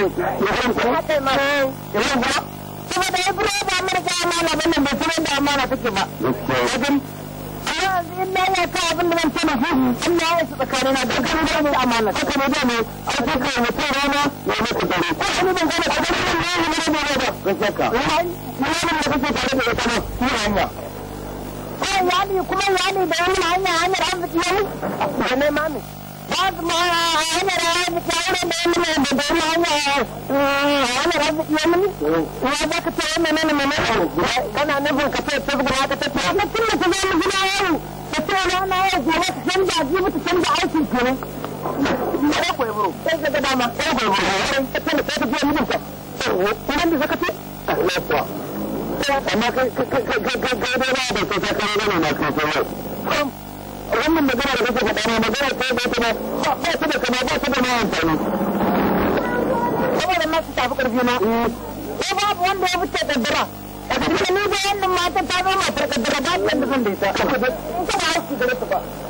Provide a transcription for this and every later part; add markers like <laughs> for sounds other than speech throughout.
saboda ya kuma da amurka amana bane ba kuma da amana take ba wajen in ya ta abin da zan tana Allah ya su tsakanina da kuma da amana take ne da ne dama ɗan ta ta tafiya da zaka ce a lafiya amma kai kai kai kai kai kai kai wannan magana da kake faɗa magana ta ba ta da kama ba ta da ma amfani saboda su tafi ƙarfi ko babu wanda ya fice kaddara a cikin ni wannan matan ta zama matar kaddara ba ta da zan da ita ba ta da ba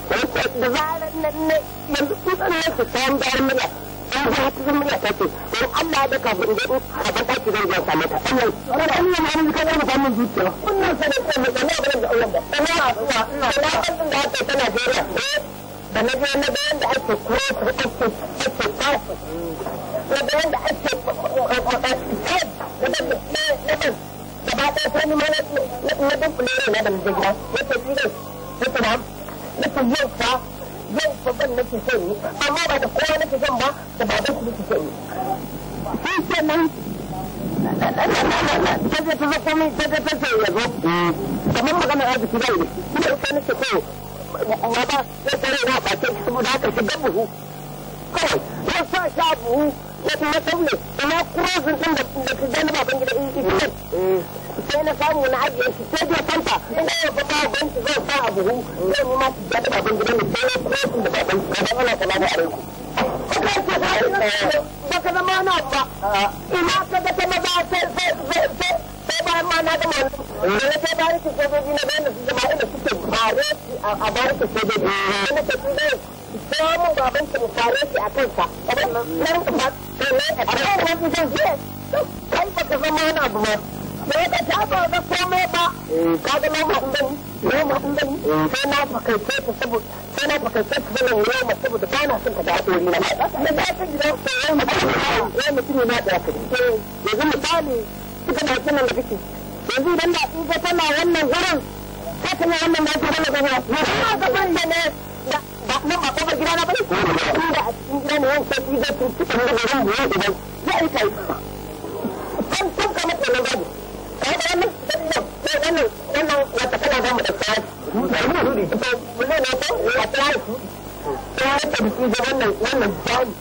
da zarar na yanzu kusan na su sayan bayan murya in ji cikin murya ta ce in Allah da kafin da in abin ɗaki zan je same ta Allah wannan wannan hannun ka zama samun zuciya wannan sai da kuma da na barin da Allah ba ina ina ina kallon da ake ta Najeriya da na je na ga yanda ake kuma ake ake tafi na ga yanda ake gaba ɗaya ta ni ma na dunkule ne na da mijin gida na ce shi ne na ce nake yau fa yau fa ban nake son yi amma ba da kowa nake son ba da baban ku nake son yi shi ke nan ta ta zo komai ta ta ce ya zo kamar maganar arziki zai ne kuma ita nake so baba zai tare da bakin saboda haka shiga buhu kawai zan sa sha buhu ko kuma tablet kuma kurozin din da da su gani baban gida in ji eh. sai na samu na ajiye shi sai da fanta in da ba ba ban zan sa abu sai mu ma su gani baban gida ne sai kurozin da baban gida Allah salamu alaikum baka zama na ba ina ka ga ta maza sai sai sai sai bayan ma na gama wani eh. da sai bayan ki sojoji na bayan su zama inda suke bare a bare ki sojoji eh. na ta tunda kira mun baban ka misale shi a kansa a wannan nan ka a kan wani zan je kai ba ka eh. eh. na fakaice ta saboda sai na fakaice ta zama noma na son ka da haɗori na da yau mutum eh. yau tana wannan gurin ta wannan ba ta gana gana ba nan ba kofar gida na bane inda a ba gida ne wancan shi zai tuntuɓa ne da zan biyu idan ya yi kai kan tun kamar da nan gani kai da wannan wannan wannan wata kana ba mu da tsari mu ne ne ko ya tsari ta ta biki ga ba wannan jami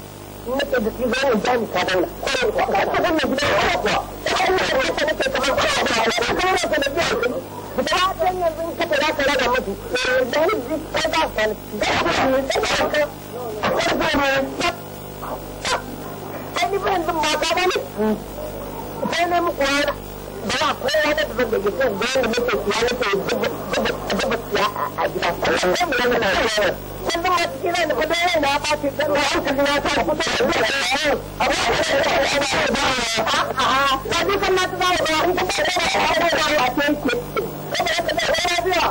nake da shi ba jami ka daula ko ko ka ga wannan gida ko ko wannan da nake kamar ko da wannan da nake kamar ko da wannan da nake kamar ko da wannan da nake kamar Ani ba yanzu mata da a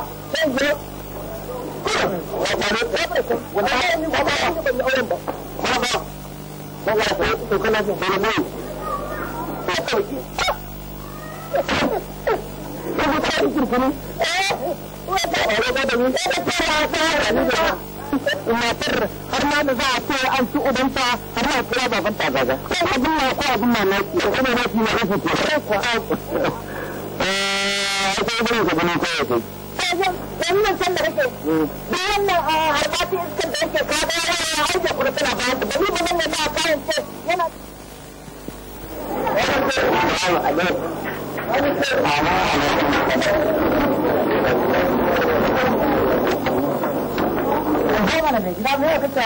ba sai yi har da za a ubanta har a san mm. wannan ah,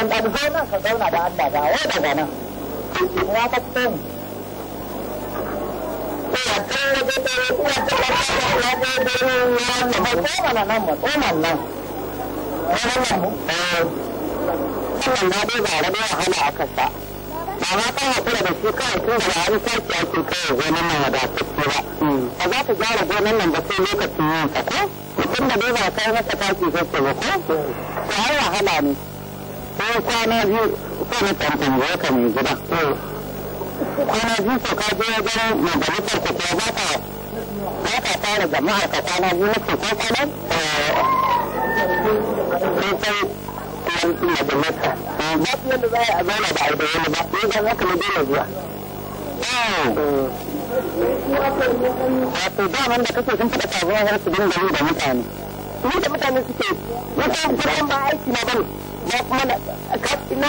da ka ta nan. mana nan mu tsoman nan wannan na da ba da wahala a kasa ba ma ta hakura da shi kawai tun da wani sarki ake kawai gonan nan wadatacce ba ba za ta gyara gonan nan ba sai lokacin yin ta ko mutum da ba kai masa taki sosai ba ko to wahala ne ko kwana biyu ko na tantan ya ka mai gida kwana biyu ko ka je wajen majalisar ku ko ba ka ba ka fara jama'ar ka kwana biyu na ko kwana eh, sai majalisa eh, ba su yadda za a zauna ba a yi da wani ba eh, dan haka na dole zuwa wato da kake sun faɗa sabuwar harsu da mutane ni da mutane suke kuma ba aiki na bane ba kuma na na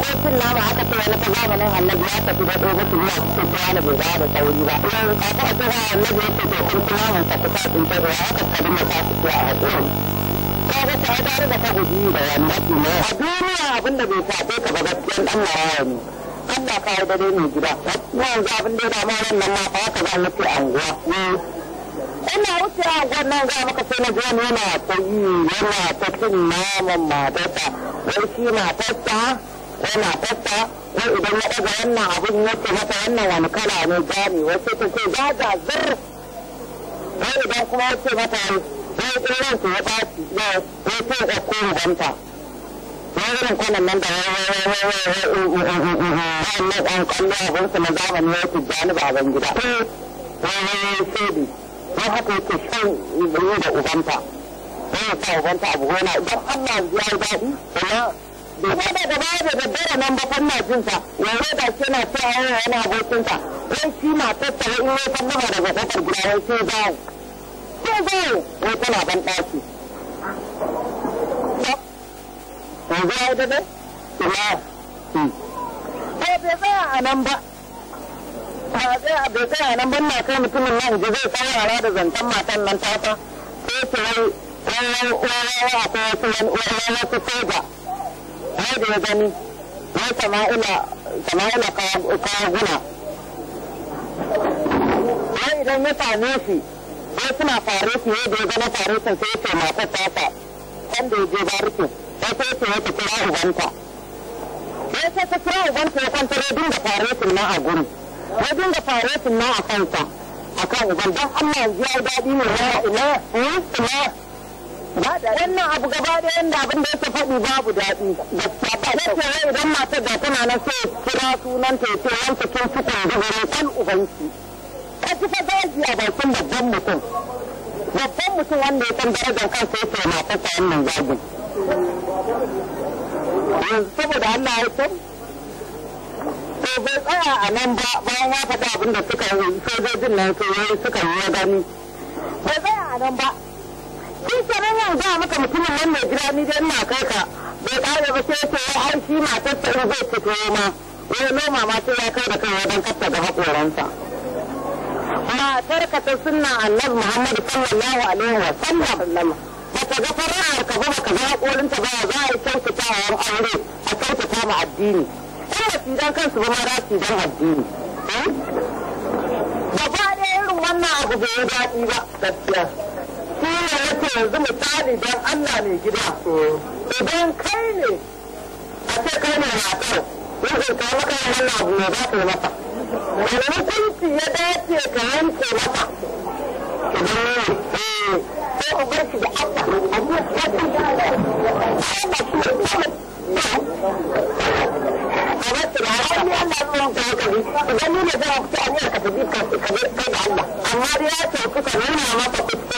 abokin nama haka sai wani ta zamanin annabi ya tafi da dogo su zuwa cikin tuwa da bai bada sauri ba idan kafin a tura annabi ya ce to kun kuma mun tafi ta tsinta da haka ta dinga ta fito a hakurin ka ga ta ta riga ta guji da wannan ne a duniya abin bai shafe ka ba gaskiyan dan maraya ne Allah ka yi dare mai gida yanzu abin da ya dama wannan ma fa haka za mu ce anguwa eh, ina wuce a wannan za maka sai na gani yana ta yi yana ta cin naman matata wai shi matata ko matarsa ko idan ya ɗaga wannan abin ya ce mata wannan wani kala ne jami wasu ta ce za ga zar ko idan kuma ya ce mata wai in ransu ya ɓaci ya ce ya ko ya yi irin kwanan nan da wannan ɗan kwallo abinsu na zamani ya ce ba ban gida. Wani wani haka yake shan yi da ubanta. Wani sa ubanta abu gona idan Allah ya yi daɗi, bai ba da baya da daddare nan ba kan jin ta yanzu da ke na ta yayin yana abokin wai shi ma tattara in daga kafar gida wai sai ba. ko zawo wai ban Ko bai tsaya a nan ba. Ba bai tsaya a nan ba na kai mutumin nan ji zai saurara da zantan matan nan tata. Sai ta wai wani wani wani akwai wasu wani wani wasu soja. sai da gani wai sama'ila sama'ila kawaguna sai idan ya same shi wai suna fare shi yadda ya na fare shi sai ce matar tasa wanda ya je barikin wai sai ce wata kira ubanta wai sai ta kira ubanta ya kwantar ya dinga fare shi na a guri ya dinga fare shi na a kansa a kan uban don Allah ya yi daɗi ne na ina ina wannan abu gaba da yanda abin da yake faɗi babu daɗi da ba ta idan matar da tana na sai kira sunan ta ce wanda kin cikin da kan ubanki ka ci fa zagi a bakin babban mutum babban mutum wanda ya san darajar kansa yake matar ta wannan zagin saboda Allah ya san to bai tsaya a nan ba bayan ya faɗi abin da suka yi sojojin nan suka yi suka yi gani bai tsaya a nan ba Tun sanar yau a maka mutumin mai gida ni dai ina kai ka. Bai kare ba sai ce wai ai shi matar ta in zai fito ma. wani noma ma sai ya kai da kai wajen kafta ga haƙoransa. Matar ka ta sunna annabi Muhammadu sallallahu alaihi wa sallam. Bata ga fara'ar ka ba baka ga haƙorinta ba za a yi kyautatawa aure a kyautata ma addini. in ba su dan kansu ba ma za su dan addini. Eh? Gaba ɗaya irin wannan abu bai yi daɗi ba gaskiya. shi ne yake yanzu misali don Allah mai gida idan kai ne a ce kai ne matar yanzu ka maka wannan abu ne za ka yi masa wani hukunci ya dace ka yanke masa sai ku bar shi da Allah Idan nuna za a fita kai da ya ce nuna masa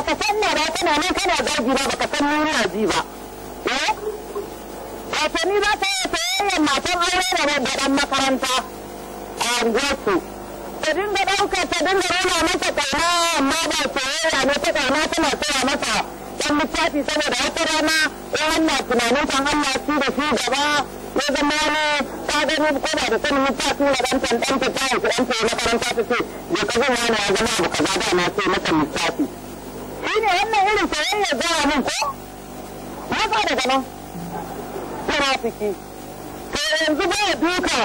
baka san na ba kana nan kana daji ba baka san ni na ji ba eh wato ni ba sai sayayyan matan aure da da dan makaranta a unguwarsu ta dinga ɗaukar ta dinga nuna masa kauna amma ba sayayya ne ta kauna tana tsaya masa dan littafi saboda wata rana in Allah tunanin kan Allah su da su gaba ya zama ne ta gani ko da sanin littafi da dan tan dan ta ta dan ta makaranta ta ce ya kaza wani ya zama abu kaza da na ce maka littafi shi ne wannan irin koyon ya gaya min ko na sa daga nan munafiki to yanzu ba duka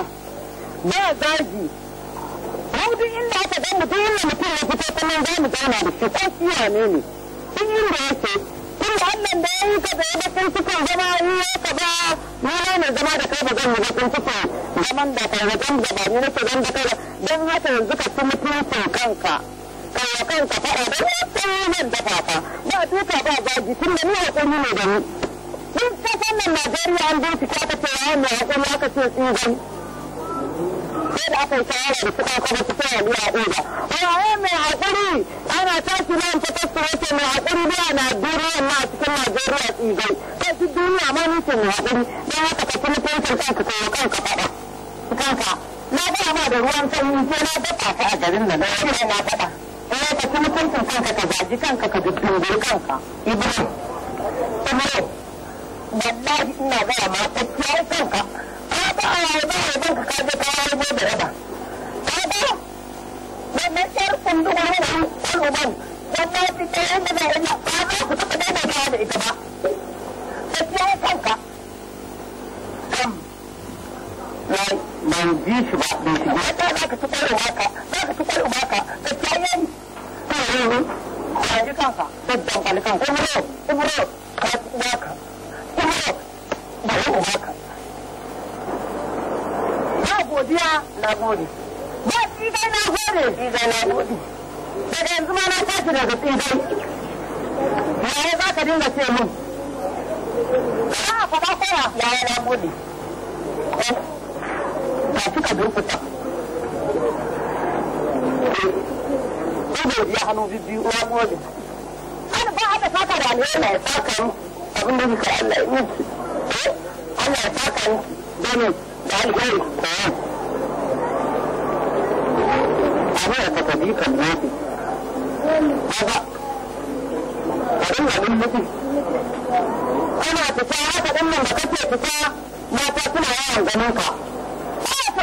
ba zagi mu inda aka ga mutum inda mutum ya fito kullum za mu zauna da shi ko kiwa ne ne tun inda yake tun da wannan da ya yi ka da ya ga kun cikin zama yi ya ka ba ni ne mai zama da kai ba zan mu ga kun cikin zaman da kai ba zan da ba ni nake zan da kai don haka yanzu ka ci mutuncin kanka. kai wa kanka faɗa da ni sai nan da fafa ba tuka ba zagi tun da ni hakuri ne da ni duk ta fannin Najeriya an bar ta ta ce ya mu hakuri aka ce tsingan sai da aka yi shawara da suka kuma su tsaya biya ɗoga waye mai hakuri ana tashi nan ta tattara wace mai hakuri biya Najeriya ma a cikin Najeriya tsingan kai duk duniya ma ni ce mai hakuri don haka ka kuma tantar kanka kai wa kanka faɗa kanka na ba ma da ruwan sanyi sai na dafa ta a garin nan na faɗa ya eh, ka kuma kanka ka zaji kanka ka dubbe kanka ibrahim saboda wallahi ina gaya ma ka kiyaye kanka ka ba a waye ba waye banka ka je ka waye da raba ka ba wannan yar kunduwar wani kuluban wannan fita yadda da yana ka ba ku taɓa daidaitawa da ita ba ka kiyaye kanka ban ji shi ba bai shigo wata za ka ci ci ka ni ka ji kanka ka ci ba godiya na gode ba na gode na gode daga yanzu ma na tashi daga yaya za ka dinga ce mun a faɗa kowa yaya na gode Allah suka durkuta ido ya hannu bibbiyu uwa mole an ba a da fata da alheri ya saka mu abin da kika Allah ya miki eh, Allah ya saka mu dole da alheri abin da ka bi kan yaki kaga abin da mun mutu ana fita haka din nan da kake fita mata suna yawan ganin ka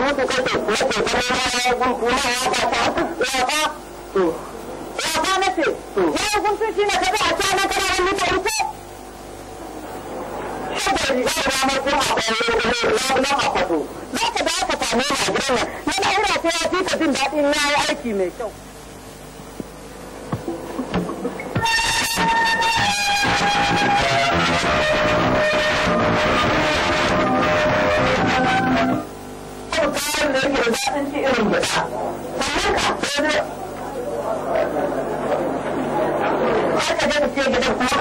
muku kuma ko ko kuma ya gun kuma ya ta ya ta to ya ta nace ya gun sun shi ne ka ga ta na kana wani ta uku saboda ni ga ma ko da ba ya na ma ka to za ka da ka samu na gidan na ina ta ya fi ka jin daɗin yayi aiki mai kyau shimfiɗa haka zai ce gidan kuma ka zo ka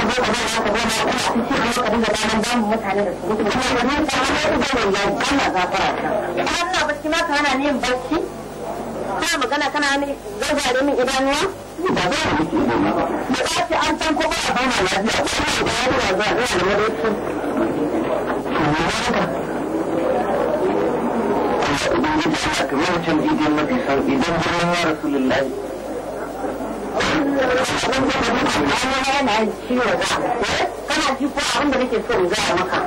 zo ka zo ka mutane da su kuma ka zo ka zo ya kana gafara ta bacci ma ni bacci kana magana kana min idanuwa ba za a ba da an san ko a bana lafiya a ba da ba da da da da da a kamar mutum idan mafi san idan birnin ya rasu lullahi kana ko da nake so in ba tana a riga da maka nake so in zo maka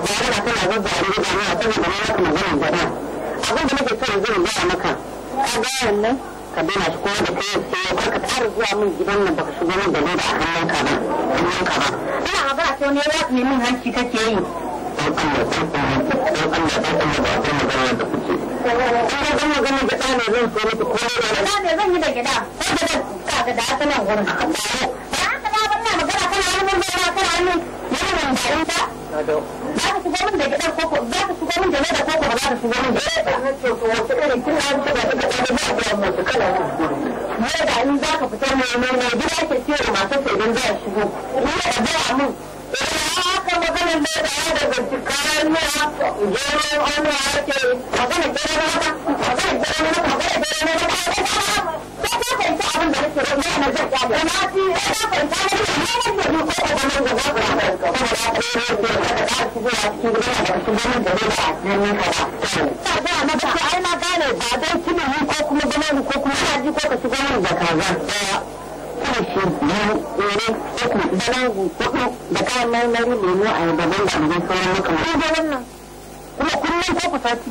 ka ga ka daina shi ko da kai sai ya ka zuwa min gidan nan baka shigo min da a da hannunka ba hannunka ba ina ba ne wani ya min hanci kake yi dan Allah dan Allah dan Allah dan Allah da kuke kuma kun magana da ɗa ne zan so mata ko da ɗa ne zan yi da gida ko da ka ga da asalan gurin da aka ba ban magana kana hannun da kana hannun yaron da ta za ka shigo min da gidan koko za ka shigo min da leda koko ba za ka shigo min da leda wata irin kin an ce ba ta da ba da mu kala ne da in za ka fitar mai mai gida ke ce masu sai dan za shigo ni da ba mun maganin da ya da gaske kayan nuna gero hannu a yake abin da nake rana na zai ya da na kuma yi da da ko kuma ganin ko kuma ko ka ci ganin shago kuɗi da kayan marmari lemo a yaba ban da abin sauran makamai. Ko wannan kuma kullum ko ku sati.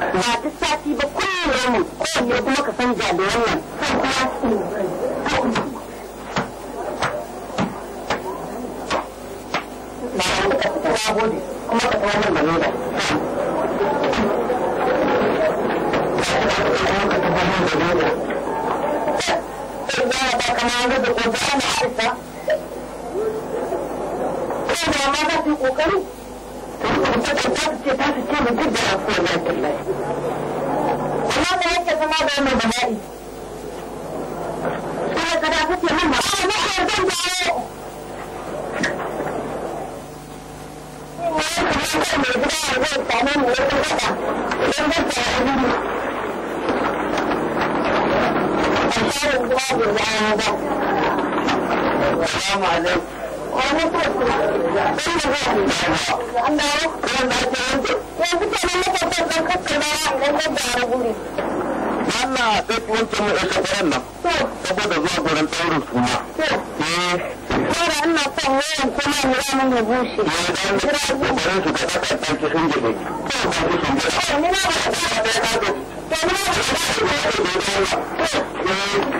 Ba ta sati ba kullum kuma ka san wannan. Kuma ka da. Thank you. وقالوا كتاب كتير جدا عفوا الله وماذا يكتب ماذا من بلائي أنا قد أعطيت منها أنا ما أعرفون بلائي السلام عليكم an dawo karan da ta mu ɗauka karan nan zuwa gurin tsaurin suna Mara ina son wayan kuma mu ramin ya bushe. Kira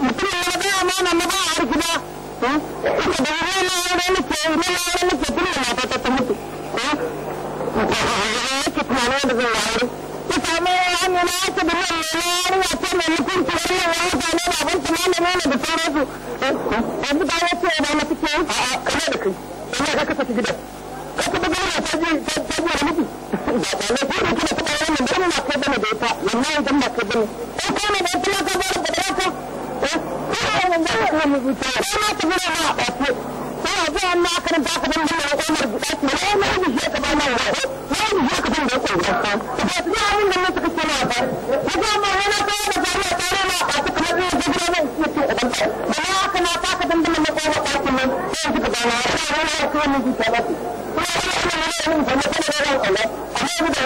mutum ya ga na ba a harku ba ka da wani na wani nake na wani nake tun da mata ta mutu ya tunanin da zai wari ya samu wani na yake da wani na wani ya ce mai mutunci wani ya wani zane da abin tunanin ne da sauransu yanzu ba ya ce da masu ke a'a kama da kai ina ka kasa gidan ka kuma gana ta ji ta ji wani mutu ba ne ko da kuma na kai bane da ita wannan ko nan da wannan rubutu sai ma ta gina ma a ko sai a ga amma kan ba ka ban da Umar guda ki ne ma ni je ka ba ma wa ne ni je ka ban da Umar ka ba ta ga mun da muka ce ma ba ya ga ma wani ka da ba ma tare ma a ta kuma zai ga gidan nan ki ce ban ta ba ma ka na ka ban da muka ce ma ka ki nan sai ka ba ma wani ka ne ki ta ba kuma ina ina ne mun da muka ce ma Allah amma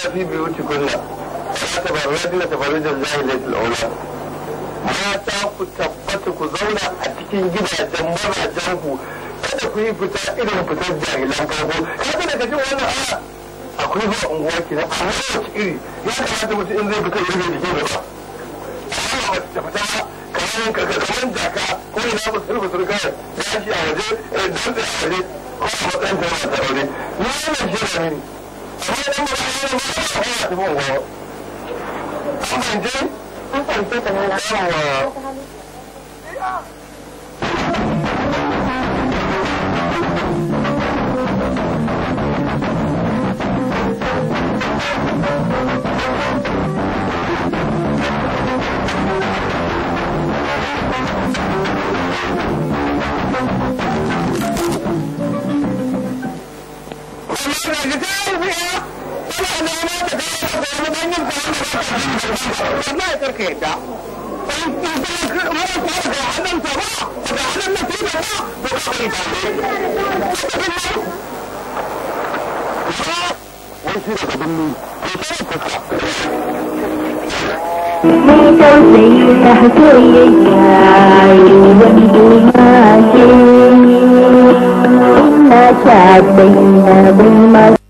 كنا في بيوتكن فلا تبرجن ku tabbata ku zauna a cikin gidajen mazajen ku kada ku yi fita irin fitar jahilan farko kada daga jin wannan ana akwai ba unguwa ke nan amma wace iri ya kamata mutum in zai fita irin da jikin ba amma ba ta fita kamar kaka kamar jaka ko ina ba sulhu sulka ya shi a waje eh, dantse a waje ko a matsayin ta mata aure ba 阿哥，我阿妹在？阿妹在上面啦。ما يترك يبدأ Ni tausayin soyayya yi wani dumake, ina ta bayyana bai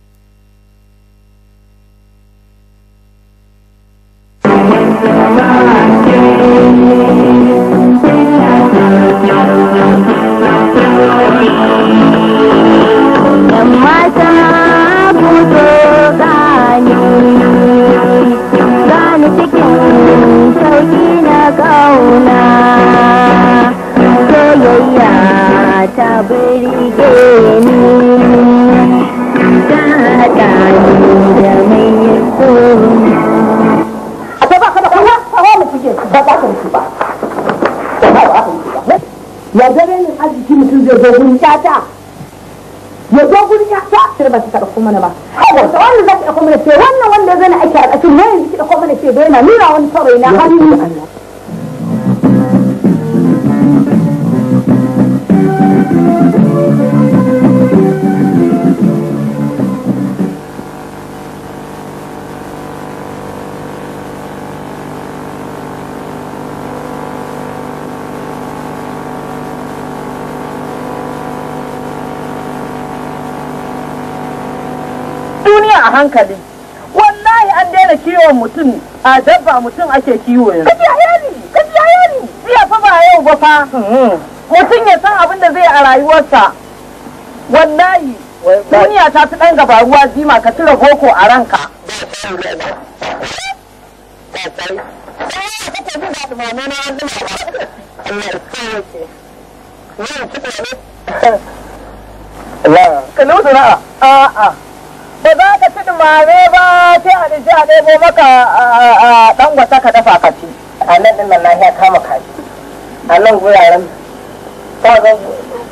mana ba haka wanda za ki ɗauko ce wannan wanda zai na ake a ƙasin ne a ki ɗauko da ce bai na nuna wani saurayi na hannu hankali wallahi an daina kiwon mutum a dabba mutum ake kiwo yanzu kaji hayani kaji hayani jiya fa ba yau ba fa mm-hmm. mutum ya san abin da zai a rayuwarsa wallahi duniya ta fi dan gabaruwa, ruwa jima ka cire boko a ranka ɗebo maka a ɗan wata ka dafa ka ci a nan ɗin nan ya kama kaji a nan guraren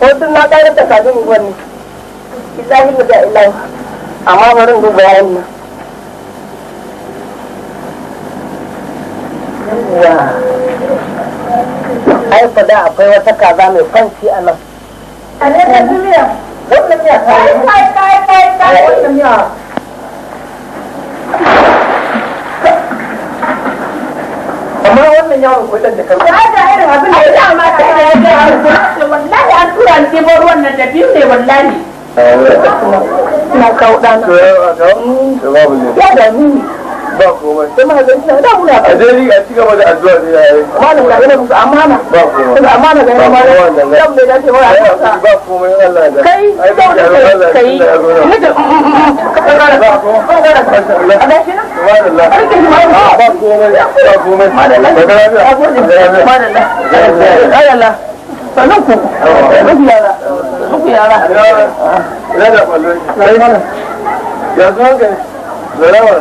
wasu na ƙarar da kajin gwani izahi da ilahi amma barin duba yayin nan ai da akwai wata kaza mai kwanci a nan a ne ta duniya wannan miya ta amma wannan yaro ko da kai da da irin abin da ya ma ta da ya ga wallahi an tura ni debo ruwan nan da biyu ne wallahi eh, na kauɗa na. Ya da ni. ba komai sai ma ga ita da muna a dai a ci gaba da addu'a ne yayi malam da yana musu amana ba komai amana ga yana malam dan bai dace wa a ba komai Allah da kai da kai kai ne da ka fara ba komai a dashi na subhanallah ba komai ba komai madalla da lafiya madalla ayalla sanin ku rubu yara rubu yara ina da ballo yanzu haka zarawar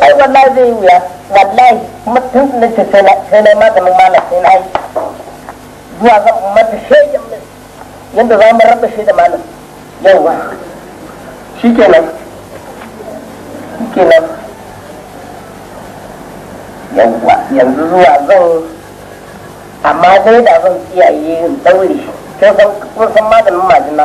ai wallahi zai wuya wallahi kuma tun na ce sai na maganin mana sai na yi zuwa zan mata shaidan min yadda za mu raba shi da malam yawa shi kenan shi yawa yanzu zuwa zan amma dai da zan kiyaye in daure sai san kusan maganin majina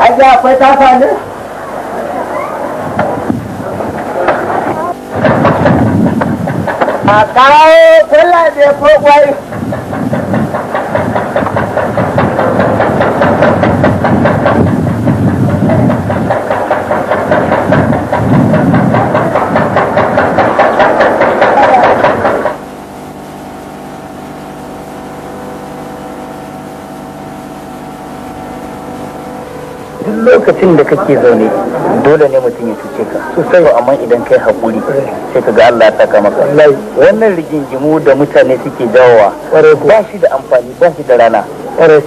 aji akwai tafa ne a kawo kula da duk lokacin da kake zaune dole ne mutum ya cuce ka sosai ba amma idan kai haƙuri sai ka ga Allah ya saka maka wannan rigingimu da mutane suke jawowa ba shi da amfani ba shi da rana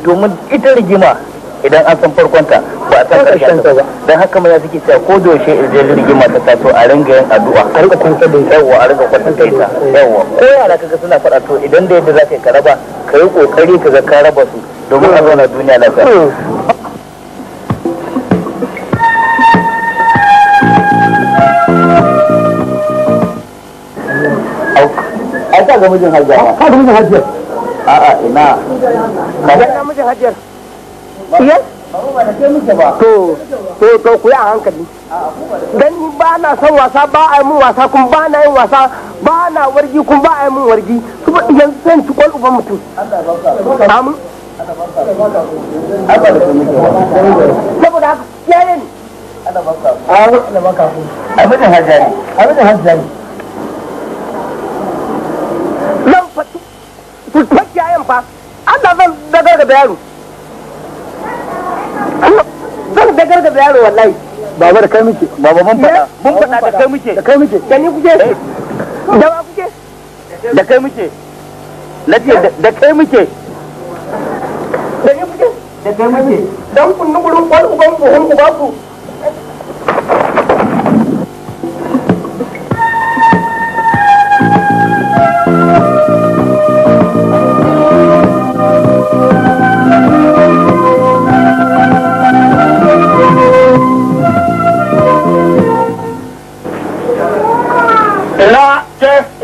domin ita rigima idan an san farkonta ba a san karshen ta ba dan haka mai suke cewa ko da yaushe idan rigima ta taso a ringa yin addu'a a ringa kwanta da yawa a ringa kwanta da ita yawa ko yara kaga suna faɗa to idan da yadda za ka yi ka raba ka yi kokari ka ga ka raba su domin a zauna duniya lafiya hmm. ka ga mijin hajjar ka ga mijin hajjar a'a ina ga mijin hajjar iya to to to ku yi a hankali dan ba na son wasa ba a yi mun wasa kun ba na yin wasa ba na wargi kun ba a yi mun wargi yanzu zan ci kwal uban mutum amin saboda haka yayin abin da hajjari abin da hajjari su tafi fa Allah zan dagar da yaro zan dagar da yaro wallahi baba da kai muke baba mun fada mun fada da kai muke da kai muke da ni kuke eh. da ba kuke da kai muke ce da kai muke da ni kuke da kai muke dan kunnu gurin kwal uban ku hun uban ku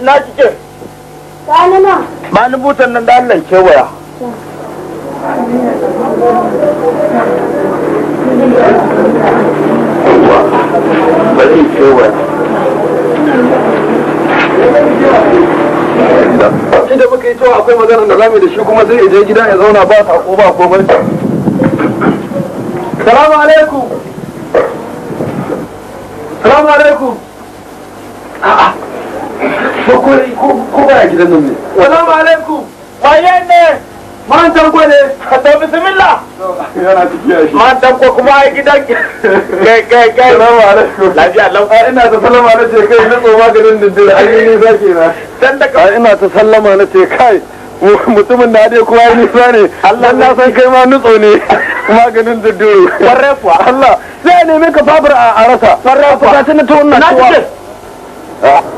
ina kike kana nan ma ni butan nan da Allah kewaya bari kewaya inda muka yi cewa akwai maganar da zamu da shi kuma zai je gida ya zauna ba sako ba komai salamu alaikum salamu alaikum a'a ko ko ba gidan nan ne salamu alaikum waye ne man tanko ne to bismillah yana tafiya shi man tanko kuma ai gidan kai kai kai salamu alaikum lafiya lau ina ta sallama na ce kai na tso maganin da dindin an yi nisa kenan dan da ina ta sallama na ce kai mutumin da dai kowa nisa ne Allah na san kai ma nutso ne maganin dudduru farre kuwa Allah sai nemi ka babur a rasa farre kuwa ta tuna ta wannan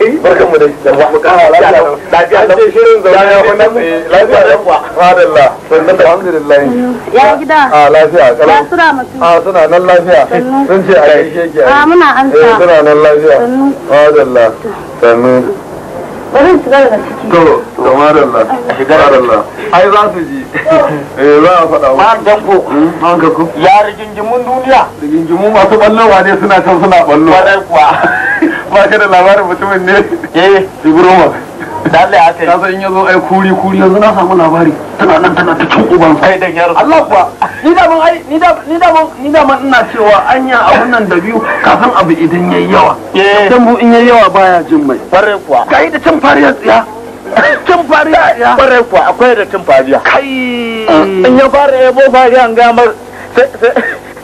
Eh, barkan mu da yawa lafiya lafiya lafiya ya gida lafiya ya sura suna nan lafiya sun ce a gaishe ki muna an sa eh, suna nan lafiya fadalla sannu to to madalla madalla ai za su ji <laughs> eh za a faɗa ma danko ma danko ya rigingimun duniya rigingimun masu ballowa ne suna can suna ballo kuwa <laughs> ba ka da labarin mutumin ne eh ibroma dalle aka yi kasa in yazo ai kuri kuri yanzu na samu labari tana nan tana ta cin uban sai dan yaro Allah kuwa ni da ban ai ni da ni da ban ni da man ina cewa anya abun nan da biyu kafin abu idan yayi yawa eh. dan bu in yayi yawa baya jin mai bare kuwa kai da cin fariyar tsiya cin fariya ya bare kuwa akwai da cin fariya kai eh, in ya fara yabo fariya an gamar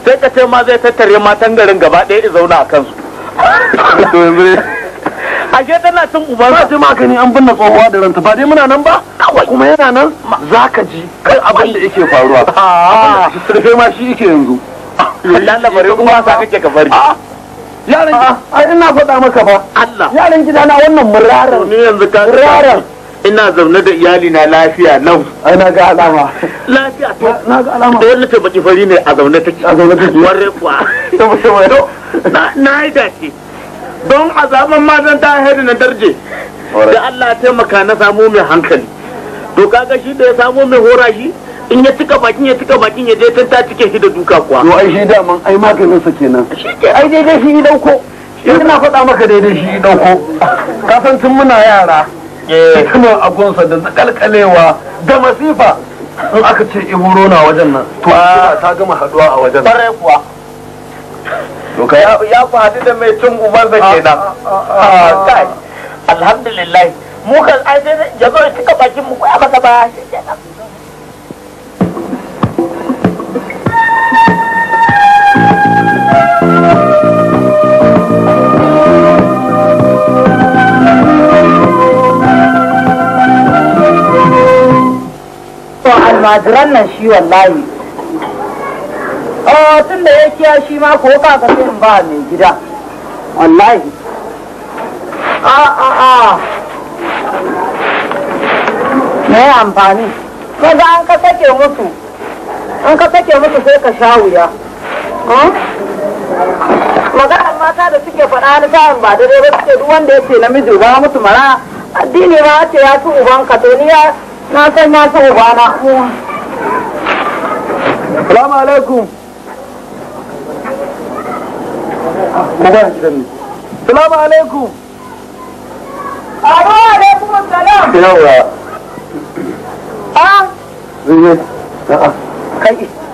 sai ka ce ma zai tattare matan garin gaba ɗaya zauna a kansu to yanzu ashe tana cin uba ba ji magani an binne tsohuwa da ranta ba dai muna nan ba kuma yana nan zaka ji kai abin da yake faruwa <laughs> ah. sai ma shi yake yanzu lallabare <laughs> kuma sa kake ka bari ah. yaran ah. ai ina faɗa maka fa Allah yaran gidana wannan muraran ne yanzu ka ina zaune da iyali na lafiya lau ai na ga alama lafiya to na ga alama da wannan baki fari ne a zaune take a zaune take warre kuwa to na yi dace don a ma zan ta haihu na darje da Allah ya taimaka na samu mai hankali to kaga shi da ya samu mai hora shi in ya tuka bakin ya tuka bakin ya je tun ta cike shi da duka kuwa to ai shi daman ai maganin sa kenan shi ke ai dai shi dauko ina faɗa maka dai shi dauko ka san tun muna yara hikima eh, a gunsa da zakalkalewa da masifa in aka ce iburo na wajen nan to ah. ta gama haduwa a wajen bare kuwa to kai ya faɗi da mai cin ubansa ah, kenan ah, kai alhamdulillah mu kan ai sai ya zo cika bakin mu kai aka ba shi kenan almajiran nan shi wallahi oh tun da ya kiya shi ma ko ka ka sai in ba mai gida wallahi a ah, a ah, a ah. me amfani kaga an ka sake musu an ka sake musu sai ka sha wuya hmm? magana mata da suke faɗa ni sa'an ba daidai ba suke duk wanda ya ce namiji ba mutu mara addini ma ce ya ci ubanka to ni ya na san ya so bana salamu alaikum salamu alaikum Aro alaikum salam. Yawa. Ah. Zai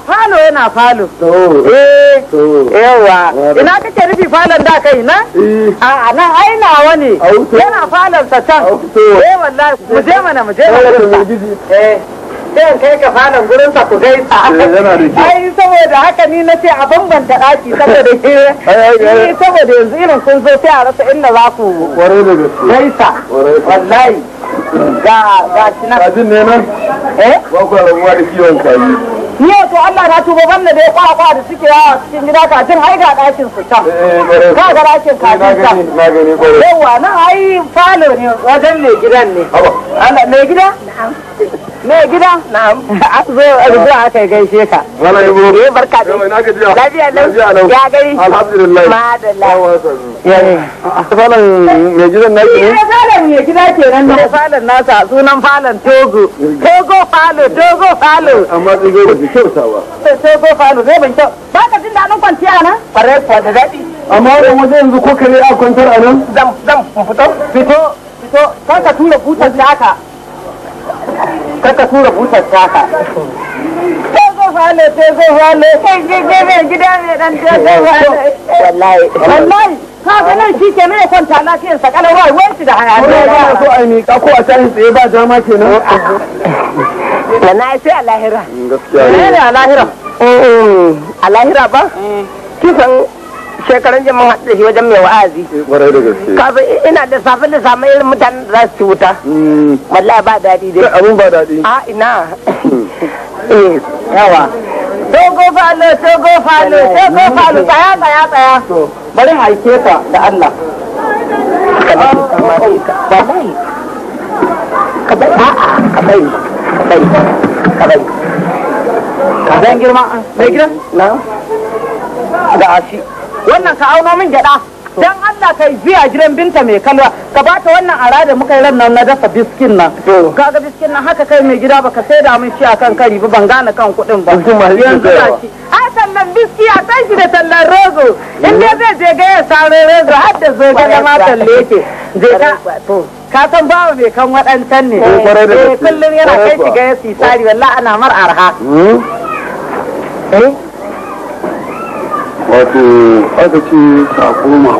falo yana falo eh yawa ina kake rufi falon da kai na eh. a nan ai nawa yana falon sa can eh wallahi mu je mana mu je mana eh sai kai ka falon gurin sa ku gaisa eh, ai saboda haka ni na ce a bambanta daki saboda ni saboda yanzu irin sun zo sai a rasa inda za ku gaisa wallahi ga ga shi nan eh ba ku rabuwa da kiwon kaji ni yau to Allah na tuba banda da ya kwa da suke yawa cikin gida kafin ai ga dakin su can ka ga ɗakin kafin can yawa na ai falo ne wajen mai gidan ne mai gida mai gida na'am a zo zo aka yi gaishe ka wala yi buru eh barka da lafiya lau ya gari alhamdulillah madalla ya ne falon mai gidan na ne falon mai gida kenan na falon nasa sunan falon togo togo falo togo falo amma tsigo da kyautawa. Sai ko fa'alu zai ban kyau. Ba ka jin daɗin kwanciya nan? Kwarai kuwa da daɗi. Amma wannan waje yanzu ko kare a kwantar a nan? Zan zan fito. Fito fito kar ka tura butar ta haka. Kar ka tura butar ta haka. Sai ko fa'alu sai ko fa'alu. Kai gida mai dan ko eh, Wallahi. Wallahi. ka ga nan shi kenan ya kwanta lafiyar sa kana wai wai shi da hayaniya ba so ai mi ka ko a tashi tsaye ba dama kenan na na sai a lahira gaskiya ne a lahira a lahira ba kisan shekaran jamin haɗu da shi wajen mai wa'azi. Kwarai eh, da gaske. ina da safin da samun irin mutanen da za su ci wuta. Hmm. Wallahi ba daɗi dai. Abin ba daɗi. A ina. Hmm. Eh, yawa. dogo falo dogo falo dogo falo tsaya tsaya tsaya bari haike da Allah kabai, kabai, kabai, kabai, kabai, wannan ka auno min gyaɗa. dan Allah kai biya gidan binta mai kalwa ka bata wannan ara da muka yi ran na dafa biskin nan kaga biskin nan haka kai mai gida baka sai da mun shi akan kari ba ban gane kan kuɗin ba yanzu shi sannan biski a san shi da tallan rogo in dai zai je ga ya saro rogo har da zo ga ma talle ke je ka ka san bawa mai kan waɗancan ne eh, kullum yana kai ga ya sisari wallahi ana mar arha hmm? eh? wato aka ce sako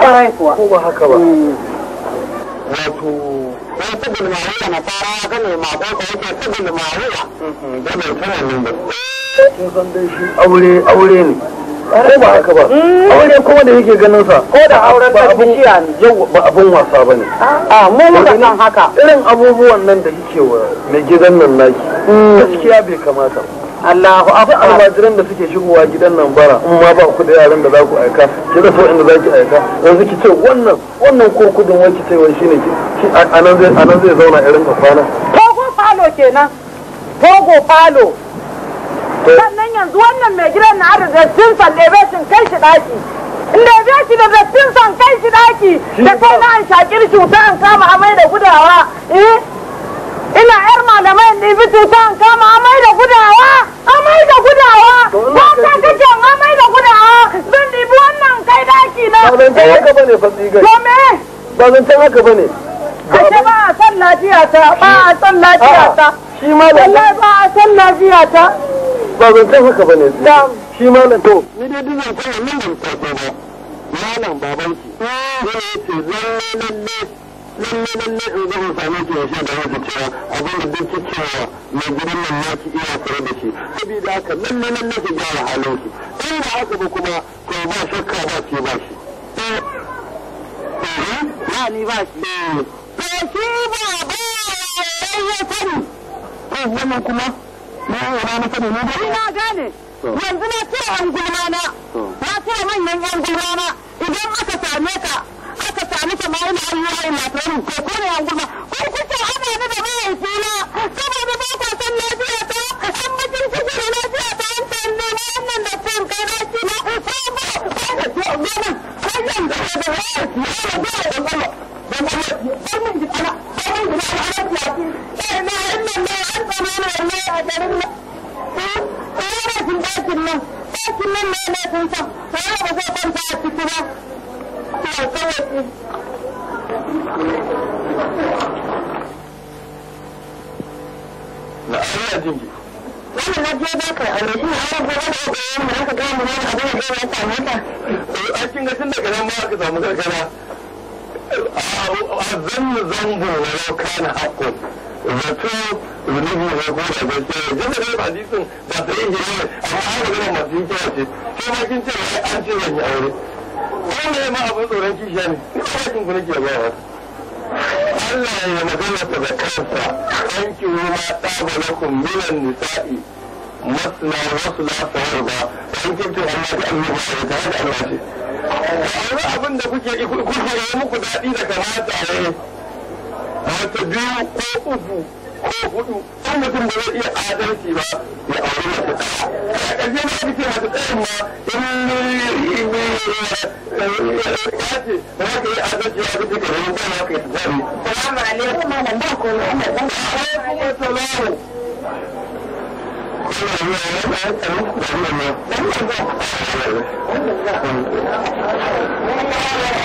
ƙwarai kuwa ko ba haka ba hmm. wato na fara gane hmm. da ne ba kin san dai shi aure aure ne ko ba haka ba hmm. aure kuma da yake ganin sa ko da auren ta bishiya ne yau ba abun wasa ne. a ah, ah, mu muka san haka irin abubuwan nan da yake wa mai gidan nan naki gaskiya bai kamata ba Allahu akbar almajiran da suke shigowa gidan nan bara in ma ba ku da yaran da za ku aika ki da so inda za ki aika yanzu ki ce wannan wannan kurkudin wanki ce wani shine ki anan zai anan zai zauna irin ka kwana togo falo kenan togo falo sannan yanzu wannan mai gidan na arziki sun sallebe sun kai shi daki biya shi da dattin san kai shi daki da kai na an shakir cuta an kama amai da gudawa eh ina yar malamai in ɗibi cuta in kama amai da gudawa amai da gudawa ko ta kace amai da gudawa zan ɗibi wannan kai daki na ba zan eh? haka bane fa tsigar to me ba zan haka bane kace ba a san lafiya ta ba a san lafiya ta shi malam ba a san lafiya ta ba zan haka bane da shi malam to ni dai dizan ko nan ban sako ba malam babanki ne eh. ce zan lalle lalle lalle in zan same ki yasha da wata cewa abin da duk cewa mai gidan nan ya ki iya tare da shi saboda haka lalle lalle ki gyara halin ki in da haka ba kuma to ba shakka ba ke ba shi ba ni ba shi to shi ba ba ya sani to wannan kuma na yana na sani ne ba ina gane yanzu na ce an gulmana na ce manyan yan gulmana idan aka same ka muka ma yana yi yayin na tarin ko ko ne yanzu ma ko ku ce ana ni da mai tsina saboda ba ka san lafiya ta san mutunci da lafiya ta an san ne wannan da kan kai na ci na ko ba ko da ko ba ko yan da da da ya ba da ba da ba ban mun ji kana ban mun ji kana lafiya eh na inna ne an tsama ne wallahi a garin nan ko eh, ko eh, ne jin dakin nan dakin nan ne na kun san ko ba zai kwanta a ciki ba na ana jin ji wani na je ba ka na da da a da da yi yi yi aure wanda ya ma abin tsoron kishiya ne duk aikin ku nake gaya masa Allah ya magana ta da kansa an ki ma tabalakum minan nisa'i masna wasu lasa warba an kirkin Allah da Allah ba ta da Allah ce yanzu abin da kuke kuke yi muku daɗi da kamata ne wata biyu ko uku ko hudu tun mutum da zai iya adalci ba ya auri mace ɗaya a ƙarshe ma ma in ne ya ce ba za ka yi adalci ka yi tsari. Salamu alaikum ba ko ana zan ka salamu. Thank you.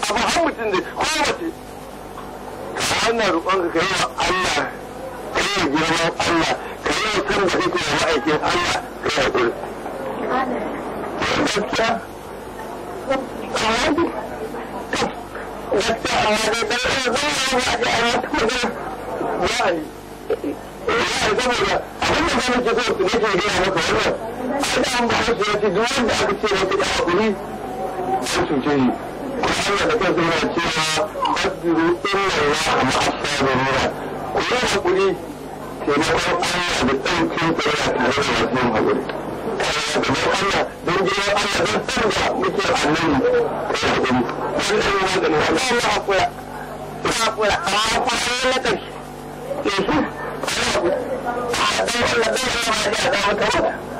kuma har mutum da ko mace wannan roƙon ka kai wa Allah ka yi girman Allah ka yi wa da kake da ma'aikin Allah ka yi hakuri. Gaskiya a gaskiya a a a a yi. Allah da kansa yana cewa asbiru inna Allah ma'as-sabirina ku yi hakuri taimakon Allah da ɗaukin sa tare da masu yin Allah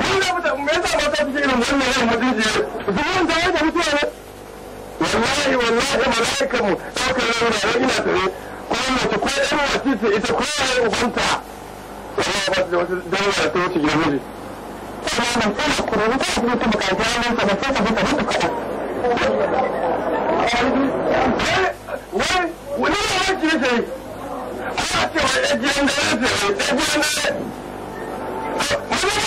wani abu da me yasa mata suke irin wannan yan mutunci duk da ya da mutuwa ne wallahi wallahi malaikan mu ɗaukar nan da ina tare ko mace ko ɗan wace ce ita ko ya ubanta wallahi ba da wata dawla ta wuce gidan miji kuma mun tsaya kuma mun tsaya kuma kuma kan jawo mun sama sai ka buka mutu kaɗan wai wani ne wajen ce ana cewa ya jiyan da ya ce ya jiyan da ya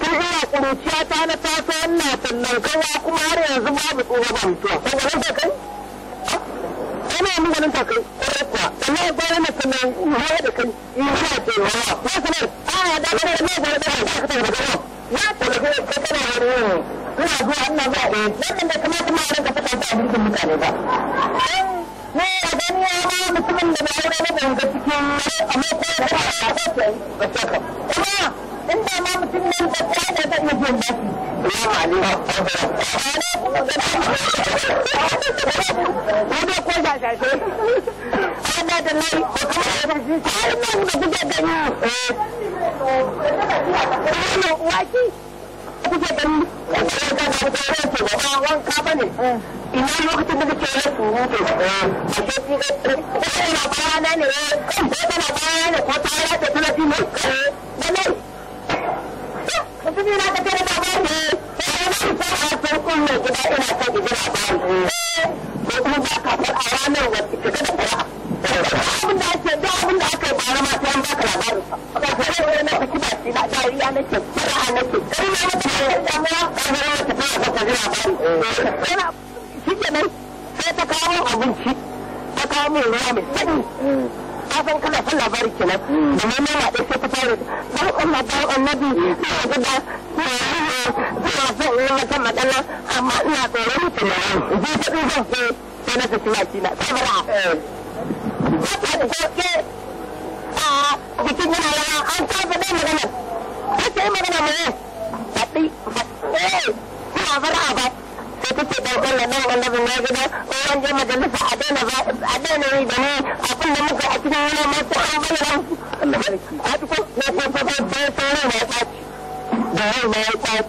tun ina kuruciya ta na taso wannan kawa kuma har yanzu babu tsoro ba mutuwa ko ganin ta kai ana yi ganin ta kai kwarai sannan ya gwada na tallan hawa da kai in sha ce wa sanar a ya da ta ka tabbata na tallan kana yau ina zuwa ina zuwa eh wannan da kamata ma fata ta mutane ba ni a ma mutumin da na aure na ganga cikin da ba da ga kuke gani a cikin kan da kuke rage ba wanka ba ne eh. ina lokacin da kuke rage mutu a cikin eh, kuɗi na bayana ne eh, kan ko tana bayana ko ta ya ta tana fi ne da ne ne yana ka ne da ba ne ne ya mutu farkon mai gida ina son in jira bayan ko kuma ba ka fara a ranar wacce ka gaba fara. Abin da ake da abin da aka yi bara ma ta yanzu aka labarin. Ba ka yi wani na biki ba ce na dariya nake fara nake. Ɗan ma mutum ya yi ɗan ma ɗan ma ta fara ka jira bayan. Shi kenan sai ta kawo abinci ta kawo min ruwa mai sanyi. ka san kana son labari kenan domin ma ma ɗauke ta fara dan Allah dan annabi ina gida ina yi mata magana amma ina tsoron mutum ji ta zan ce sai na tafi a eh, jikin ah, yana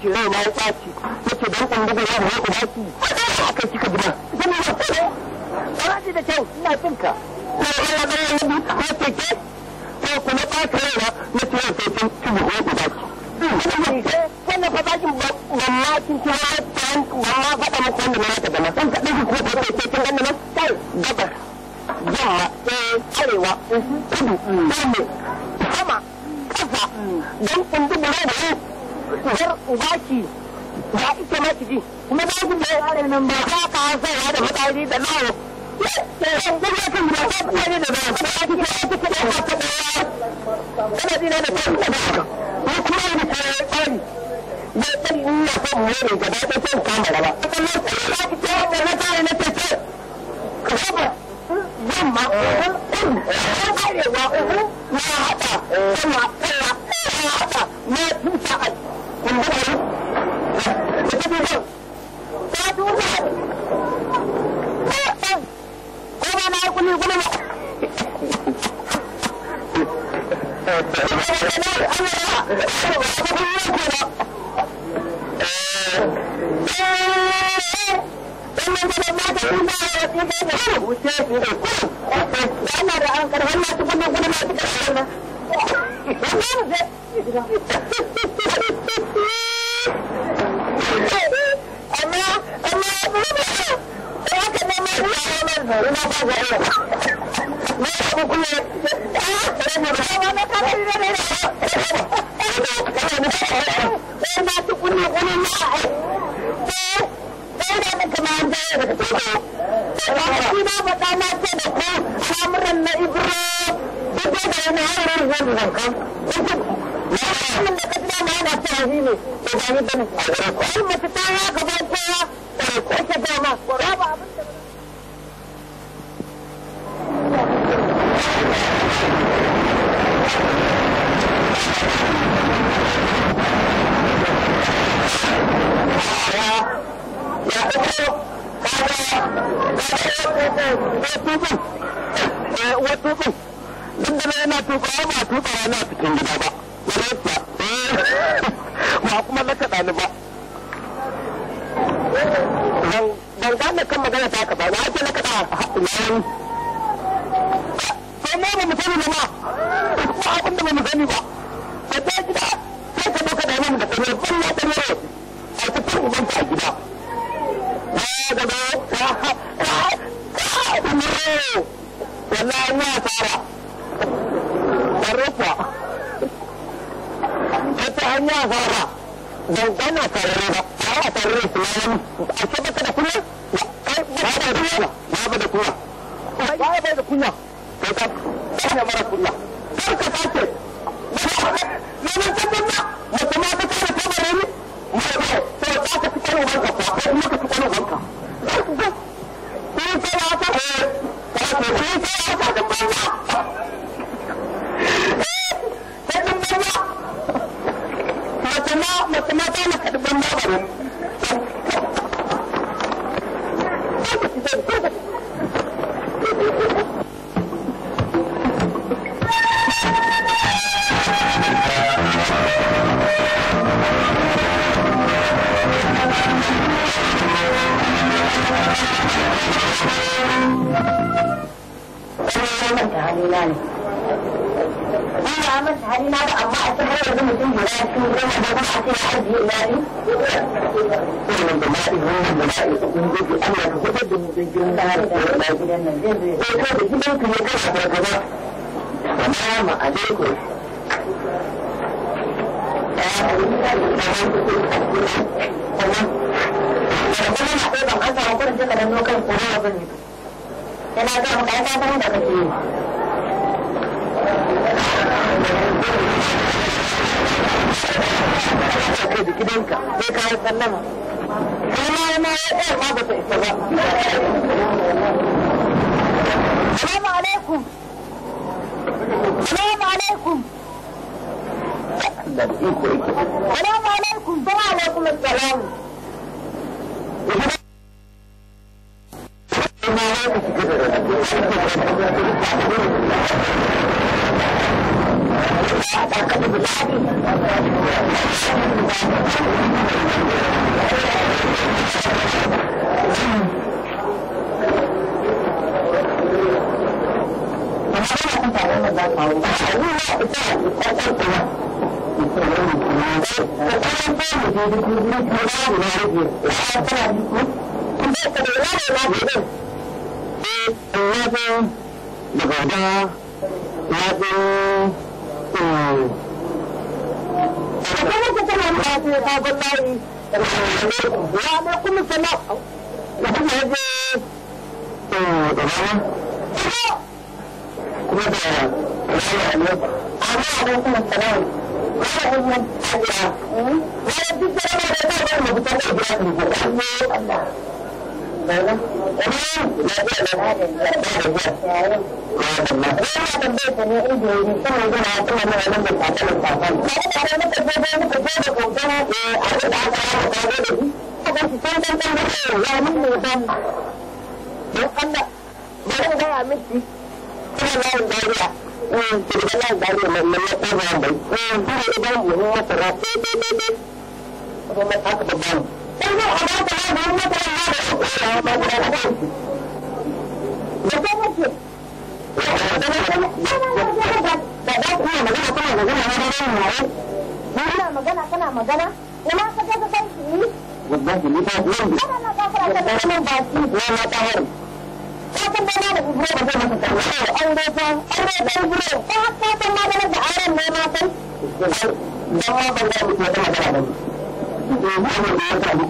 shi rai ma ya ban bana tarare ba ba a tarare su ma a ce baka da kunya ba ba da kunya ba ba da kunya ba ba da kunya kai ka kunya mara kunya Kuma yana tambayar ta ne inda wani da a da aka yi ta zo da ya Kuma a ba ba ba. Ina magana magana? da. da da ya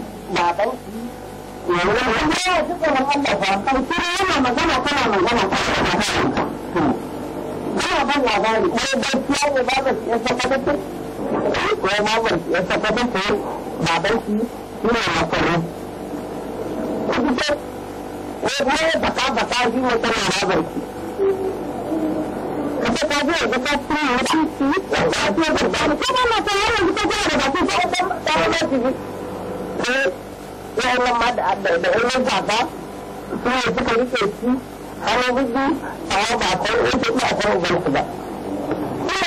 a a ka wanda ya yana magana kana magana ta yawan ma da zaba su ne suka rike gudu a yau ba in kan ba. Ina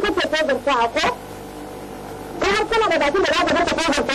da kira zarta ko? zarta ko? kana da bakin da za ka zarta tun zarta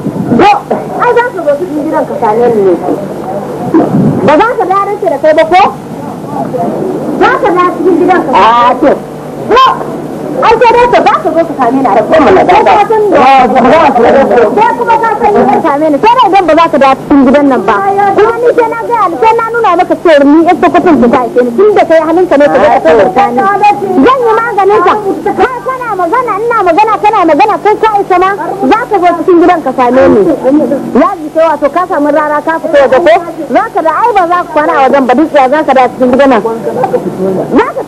go ai za su zo cikin gidan ka same ni ne ba za ka dare ce da kai ba ko za ka da cikin gidan ka a to ai sai dai ka za ka zo ka same ni a rabu mun da ka san ba ni sai kuma ka san ni ka same ni sai dai idan ba za ka dawo cikin gidan nan ba kuma ni sai na ga sai na nuna maka cewa ni ita kofin ta ke ni tun da kai halinka ne ka ga ka san ni zan yi maganin ka ka kana magana ina magana kana magana kai ka isa ma za ka zo cikin gidan ka same ni ya ji kai wato ka samu rara ka fito da ko za ka da ai ba za ku kwana a wajen ba duk ya za ka dawo cikin gidan nan za ka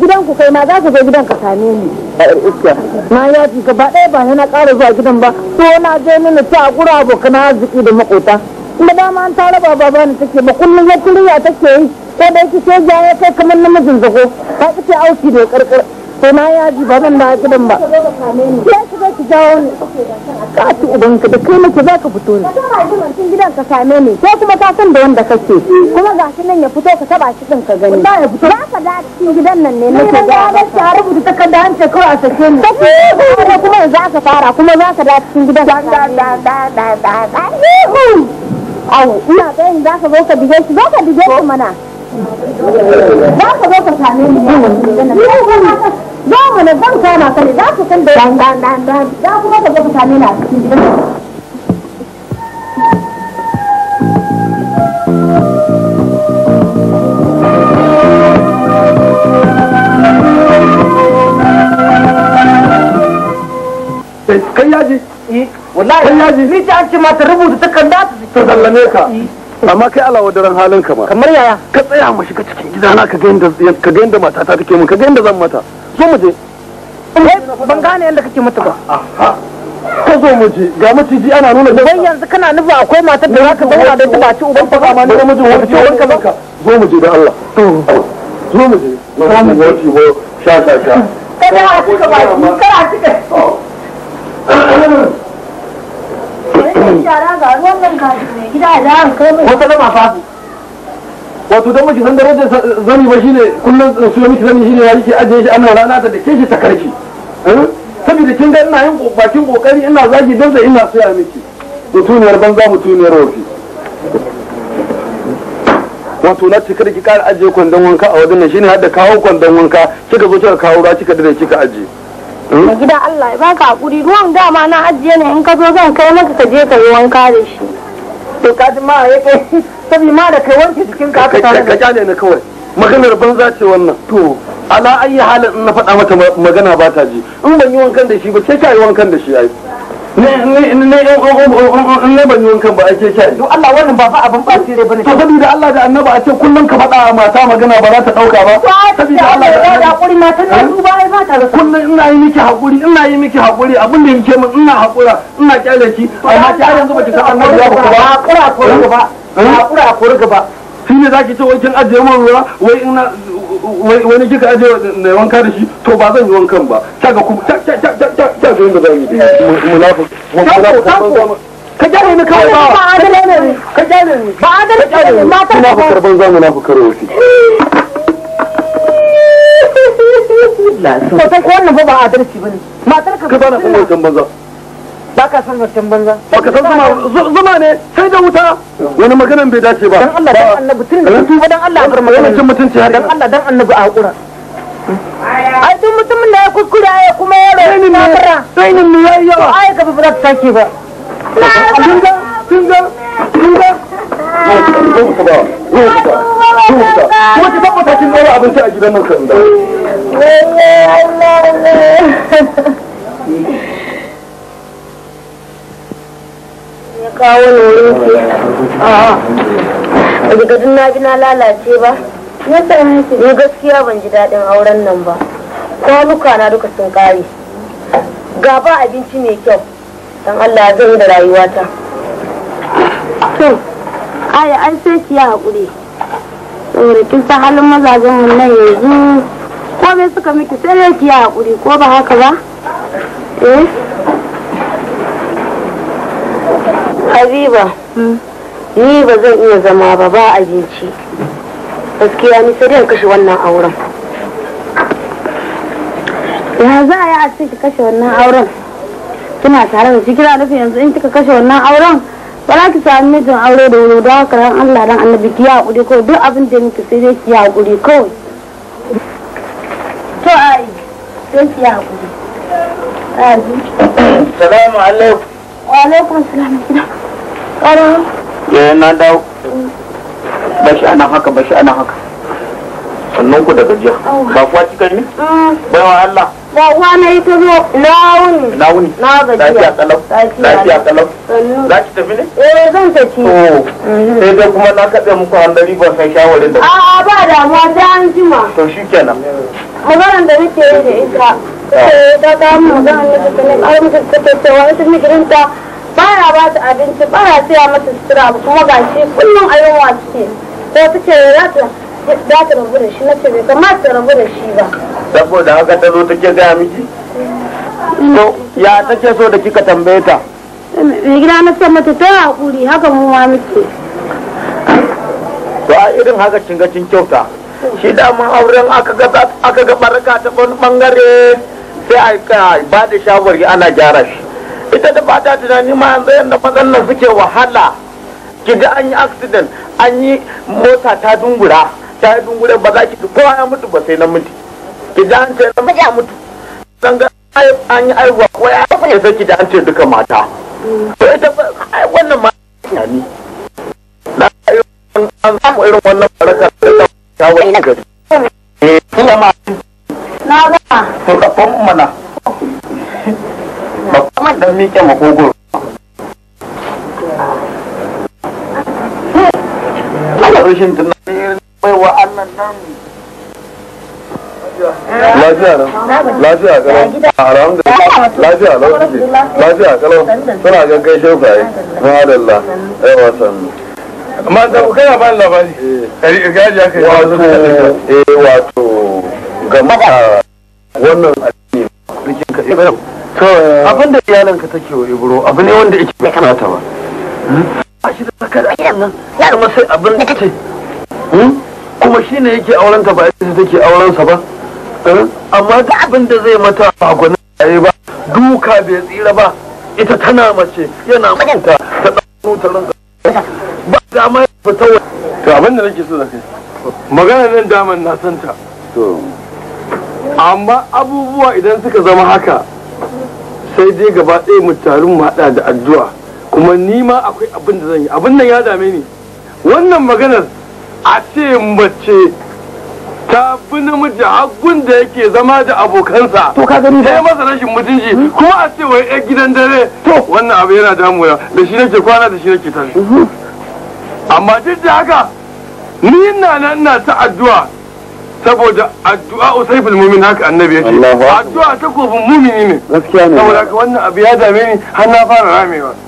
gidan ku kai ma za ka zo gidan ka same ni a yar iska na yaji gaba ɗaya ba yana ƙara zuwa gidan ba to na je ni na a gura abokan arziki da makota da dama an tara ba ba ni take ba kullum ya kuriya take yi ko da yake sai ya kai kamar namijin zago ta kace auki da karkar ko ya ji ba zan da gidan ba ya ki zai ki jawo ni ka ci ka da kai za ka fito ne tun gidan ka same ni ko kuma ka san da wanda kake kuma ga shi nan ya fito ka taba shi din ka gani ba ya fito ba ka da cikin gidan nan ne ka ga ba ta rubuta takarda an ce kawai a sake ni kuma kuma za ka fara kuma za ka da cikin gidan da da da da da da au ina ga yanzu za ka zo ka da shi zo ka dige shi mana za ka zo ka same ni ne za mu ne zan kama ka ne za ku san da dan za ku ka zo ka same ni a cikin gidan kai yaji eh, wallahi kai yaji ni ta ce mata rubuta takarda ta sallame ka eh. amma kai alawa daren halin ka ma kamar yaya ka tsaya mu shiga cikin gidana ka ga yanda ka ga yanda ta take mun ka ga yanda zan mata zo mu je eh, ban gane yanda kake mata ba ka zo mu je ga maciji ana nuna da wai yanzu kana nufa akwai matar da zaka zauna da ita ba ci uban ka amma ni ne namijin wani ce wanka zaka zo mu je da Allah zo mu je za mu je ci ho sha sha sha da a cika ba kada a cika yara ga ruwan ga gida da an kai mai wata lama fa wato don miki san darajar zani ba shine kullum su yi miki shi ne ya yake ajiye shi ana rana ta da ke shi ta karki eh? saboda kin ga ina yin bakin kokari ina zagi don da ina soya miki mutuniyar banza mutuniyar wofi wato na cika da ki kara ajiye kwandon wanka a wajen nan shine hadda kawo kwandon wanka kika zo kika kawo ruwa kika da kika ajiye ma eh? gida Allah ya baka hakuri ruwan dama na ajiye ne in ka zo zan kai maka ka je ka yi wanka da shi to kaji ma ya kai sabi ma da kai wanke jikin ka aka tare ka kyale ni kawai maganar banza ce wannan to ala ayi halin in na faɗa mata magana ba ta ji in ban yi wankan da shi ba sai ka yi wankan da shi ai ne ban ne wankan ba a ke kyai. Don Allah wannan ba fa abin ba sire bane. To saboda Allah da annaba a ce kullum ka faɗa mata magana ba za ta dauka ba. Saboda Allah da annaba. Hakuri mata na duba ai za ta rasa. Kullum ina yi miki hakuri ina yi miki hakuri abin da yake min ina hakura ina kyale ki amma ki har yanzu baki san annabi ya ba. Hakura ko rigaba. Hakura ko rigaba. Shi ne zaki ce wai kin ajiye min ruwa wai ina wani kika ajiye wanka da shi to ba zan yi wankan ba. Kaga kuma rasa yadda za yi ka jare ni kawai ba ka jare ni ka jare ni ba adalci ne mata ina fakar banza munafikar wasi Sosan ko wannan fa ba adalci bane. Matar ka ka bana san wancan banza. Ba ka san wancan banza. Ba ka san zuma zuma ne sai da wuta. Wani maganan bai dace ba. Dan Allah dan Annabi tun dan Allah a bar magana. Dan Allah dan Annabi a hakura. ai duk mutumin da ya kuskure ya kuma ya rayu na tsainin mu yayi yawa ai ka ta sake ba kin ga kin ga kin ga kuma ki tabbata kin abinci a gidan nan da kawo ne wurin ke a daga na na lalace ba Ni gaskiya ban ji daɗin auren nan ba. Kwanuka na duka sun ƙare. Ga ba abinci mai kyau. Dan Allah zan yi da rayuwata. To, aya an sai ki haƙuri. Saboda kin san halin mazajen mu nan yanzu komai suka miki sai dai ki haƙuri ko ba haka ba? Eh? Habiba, hmm. ni ba zan iya zama ba ba abinci. gaskiya ni sai dai kashe wannan auren ya za a yi a ce ki kashe wannan auren kina tare da shi kina nufin yanzu in kika kashe wannan auren ba za ki sami mijin aure da wuri da haka ran Allah dan annabi ki haƙuri kawai duk abin da miki sai dai ki haƙuri kawai to ai sai ki haƙuri salamu alaikum wa alaikum salam gida ƙaro ya eh, na dawo mm. ba shi ana haka ba shi ana haka sannan ku da gajiya ba kuwa cikin ne mm. bai wa Allah ba kuwa na yi ta zo na wuni na wuni na gajiya lafiya kalau lafiya kalau za ki tafi ne eh zan tafi mhm. sai dai kuma na kaɗe muku handari ban san shawarin da a ba damuwa sai an jima to shikenan maganar da nake yi da ita ah. ta ta mu maganar da take ne ai mutum ta tattawa ita mijirinta ba ya ba ta abinci ba ya siya mata sutura kuma gashi kullum a yunwa suke ta fi ce za ta rabu da shi na ce bai kamata ta rabu da shi ba saboda haka ta zo take gaya miki to ya take so da kika tambaye ta mai gida na ce mata ta hakuri haka mu ma muke to a irin haka kinga kyauta shi daman auren aka ga baraka ta bangare sai a ba da shawari ana gyara shi ita da ba tunani ma yanzu yadda matsalar suke wahala kiga an yi accident an yi mota ta dungura ta yi dungura ba za ki ko ya mutu ba sai na mutu kiga an ce na mutu ya mutu san ga an yi aiwa ko ya fa ya saki da an ce duka mata to ita ba wannan ma ya ni na an samu irin wannan baraka da ta wani gari eh ina ma na ga to da kuma mana ba kuma da mike makogoro rashin tunani mai wa nan lafiya nan lafiya kalau lafiya lafiya lafiya kalau suna ga kai shauka yi madalla yawa eh, sannu amma da kana ba labari kari eh. gaji aka yi wato eh wato ga maka wannan addini rikin ka eh, ibro to abinda iyalanka take wa buro, abu ne wanda yake bai kamata ba hmm? Hmm? kuma shi ne yake auren ta ba ita take auren sa ba hmm? amma da abin da zai mata a gwanin yayi ba duka bai tsira ba ita tana mace yana manta ta ɗauko ta rinka ba dama ya fita wani to abin da nake so da kai magana nan daman na santa amma abubuwa idan suka zama haka sai dai gaba ɗaya mu tarin mu haɗa da addu'a kuma ni ma akwai abin da zan yi abin nan ya dame ni wannan maganar a ce mace ta fi namiji hagun da yake zama da abokansa to ka gani ya masa rashin mutunci hmm? kuma a ce wai yan gidan dare to wannan abu yana damuwa da shi nake kwana da shi nake tashi hmm? amma duk da haka ni ina nan ina ta addu'a saboda addu'a usaiful mumin haka annabi yake addu'a ta kofin mumini ne gaskiya ne saboda wannan abu ya dame ni har na fara ramewa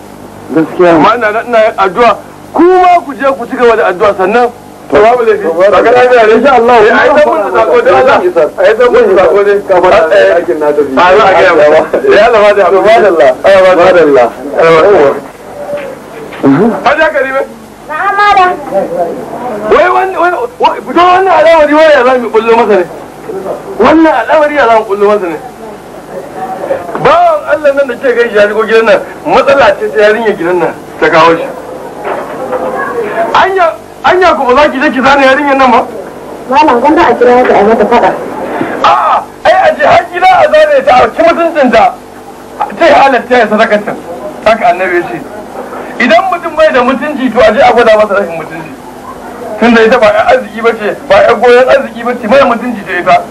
gaskiya amma ina ina addu'a kuma ku je ku ci da addu'a sannan babu da shi daga nan da insha Allah ya ai da mun sako da Allah ai da mun sako ne kamar aikin na tafi a ga ya ya Allah da Allah ba da Allah eh, ba da Allah Haja Karime na'am malam wai wani wani fito wannan alawari wai ya zan bullo masa ne wannan alawari ya zan bullo masa ne bawan Allah nan da ke gan shi ya shigo gidan nan matsala ce ta yarinya gidan nan ta kawo shi anya anya ku ba za ki je ki zane yarinyar nan ba malam gwanda a kira ta a mata fada a ai a je har gida a zane ta a ci mutuncin ta ta yi halatta ya sadakatar haka annabi ya ce idan mutum bai da mutunci to a je a gwada masa rashin mutunci tunda ita ba 'yan arziki ba ce ba 'yan goyon arziki ba ce mai mutunci ce ita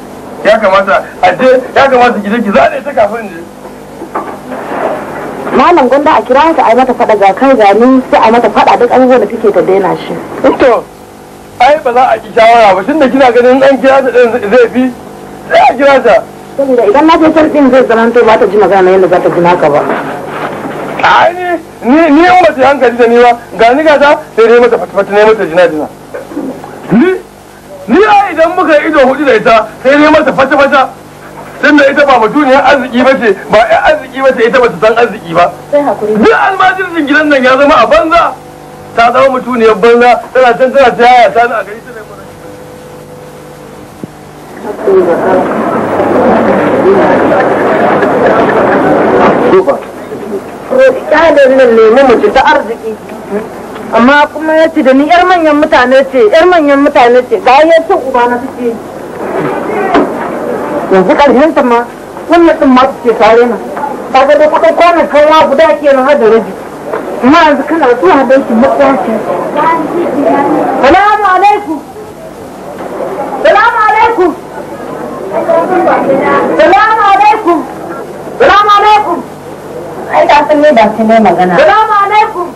ya kamata a je ya kamata ki je ki zane ta kafin ne malam gwanda a kira ta a yi mata fada ga kai gani sai a mata fada duk abubuwan da kike ta daina shi to ai ba za a ki shawara ba da kina ganin dan kira ta din zai fi sai a kira ta saboda idan na ce can zai zamanto ba ta ji magana yadda za ta ji naka ba ai ni ni in ba ta hankali da ni ba ga ni ga ta sai dai mata fatfata ne mata jina jina ni ni a idan muka yi ido hudu da ita sai ne mata fata fata da ita ba mutuniyar arziki ba ce ba ya arziki ba ce ita ba ta san arziki ba duk almajirin gidan nan ya zama a banza ta zama mutuniyar banza tana can tana ta yaya ta a gari tana Duba. Roƙi ƙalin nan ta arziki. amma kuma ya ce da ni yar manyan mutane ce yar manyan mutane ce ga ya ce uba na suke yanzu karshen ta ma wannan din ma suke tare na ba ga da kuka kwanan kawo guda ke na hada rabi amma yanzu kana zuwa da yake matsayaci salamu alaikum salamu alaikum salamu alaikum salamu alaikum ai da sun ne da sun ne magana salamu alaikum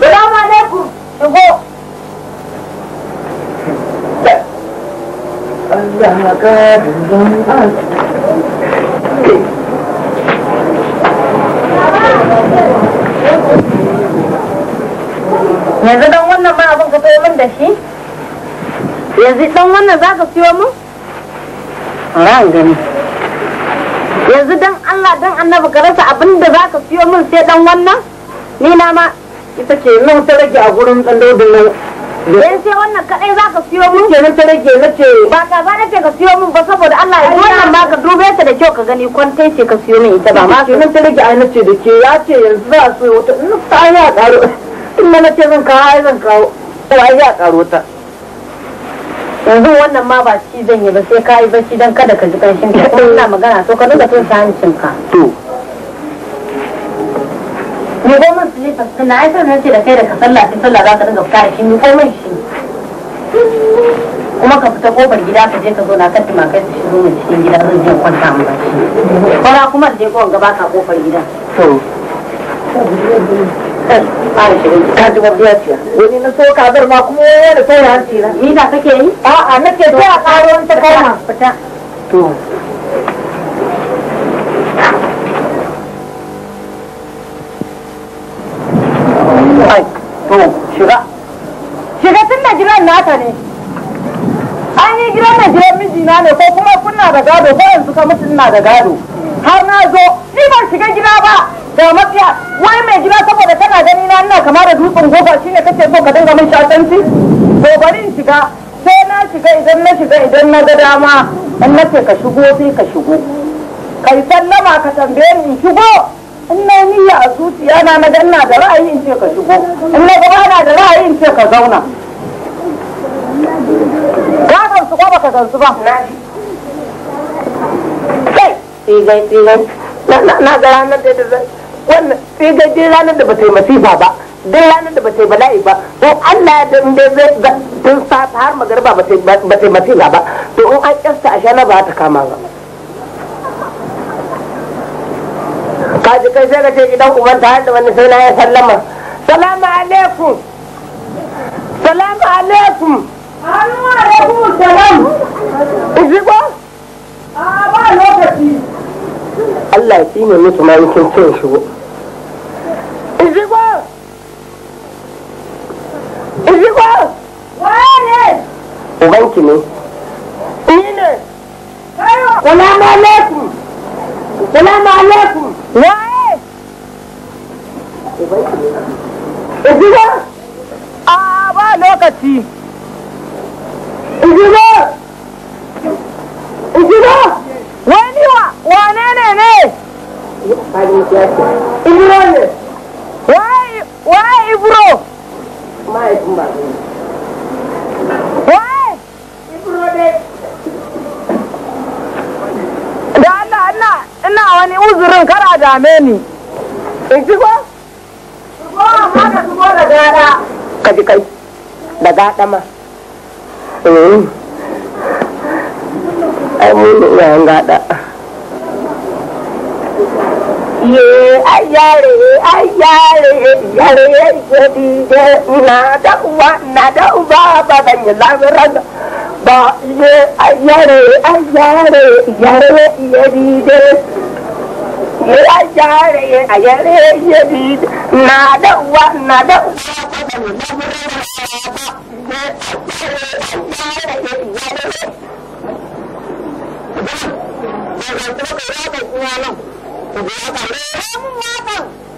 salamu alaikum shigo Allah ka dubban yanzu dan wannan ma abin ka min da shi yanzu dan wannan za ka siyo mu ran gani yanzu dan Allah dan annabi ka rasa abin da za ka siyo min sai dan wannan ni na ma ita ce nan ta rage a gurin ɗan daudin nan Yan eh, sai wannan kadai za ka siyo mu? Kenan ta rage na ce. Ba ka ba ce ka siyo mun ba saboda Allah ya wannan ba ka dube ta da kyau ka gani kwantai ce ka siyo min ita ba ma. Kenan ta rage na ce da ke ya ce yanzu za su wata in ta ya karo. In na ce zan kawo ai zan kawo. Ai ya karo ta. yanzu wannan ma ba shi zan yi ba sai ka yi shi dan kada ka ji kanshin ka ina magana to ka nuna tun hancin ka. To ɗebo min silifas ɗin na nan ce da kai da ka sallah sai sallah za ka dinga fita da shi shi kuma ka fita kofar gida ka je ka zo na kan tumakai su shigo min cikin gida zan je kwanta mu bacci kuma ka kofar gida to wani na so ka bar ma kuma da na ni da kake yi a'a ta a karuwan ta kaina fita to fine to shiga shiga tun da gidan naka ne an yi gidan da gidan mijina ne ko kuma kuna da gado ko yanzu ka mutu ina da gado har na zo ni ban shiga gida ba da mafiya wai mai gida saboda tana gani na ina kama da dutsen goba ne kake so ka dinga min shatanci to bari in shiga sai na shiga idan na shiga idan na ga dama in ce ka shigo sai ka shigo kai sallama ka tambaye ni in shigo in na niyya a zuciya na na ga ina da ra'ayi in ce ka shigo in na gaba na da ra'ayi in ce ka zauna gadon su ko baka gansu ba kai tsigai tsigai na ga ranar da zai wannan tsigai din ranar da ba ta yi masifa ba duk ranar da ba ta yi bala'i ba to Allah ya dan dai zai tun safe har magarba ba ta yi masifa ba to in an kyasta a shana ba ta kama ba kaji kai sai ka ce idan uban ta da wani sai na ya sallama salamu alaikum salamu alaikum Assalamu alaikum salam. Izi ko? A ba lokaci. Allah ya tsine musu ma yakin cin shigo. Izi ko? Izi ko? Waye ne? Ubanki ne. Ni ne. Kayo. Salamu alaikum. salamu alaikum waye Ijiba? A ba lokaci. Ijiba? Ijiba? Wani wa wane ne ne? Ibro ne. Waye waye Ibro? Waye? Ibro ne. Da Allah Allah ina wani uzurin kada dame ni in ci ko ka ji kai da gada ma ai mun ina gada ye ayare ayare yare yare na da uwa na da uba ba ban yi lamuran ba ye ayare ayare yare yadide ye ayare ayare yadide na da wa na da wa Thank you.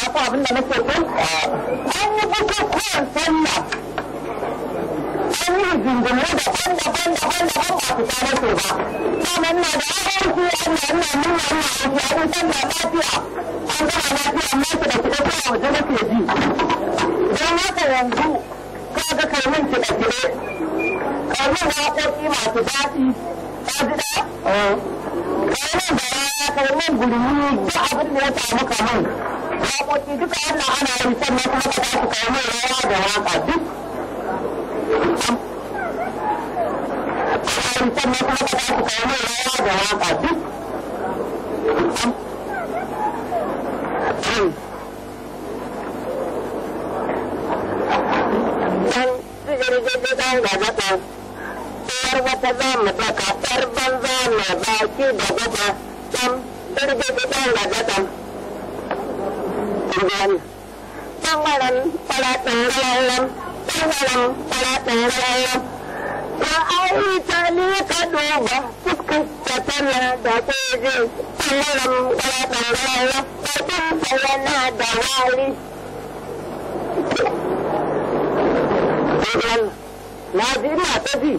ka san abin da nake so an yi bukukuwan sallah an yi jinjimu da daban daban daban ba fita ta ba sannan na da aiki ana ina nuna ina aiki an sallah lafiya an gama lafiya amma ki da fita ta waje ke ji don haka yanzu ka ga kalmin ki da kire kalmin waƙoƙi masu daɗi ka ji da kai min gurmi duk abin da ya samu kamun waƙoƙi duka wannan ana yi sannan Thank you. maza mu baka ɗar banza mai baki da gaba ɗan birgiti ɗan da gadan. Ɗan waran falatin ralallam, ɗan waran falatin ralallam. Ka ta ni ka duba fuskar ta tana da kogi, ɗan waran falatin ralallam, ta yana da wari. Na ta ji,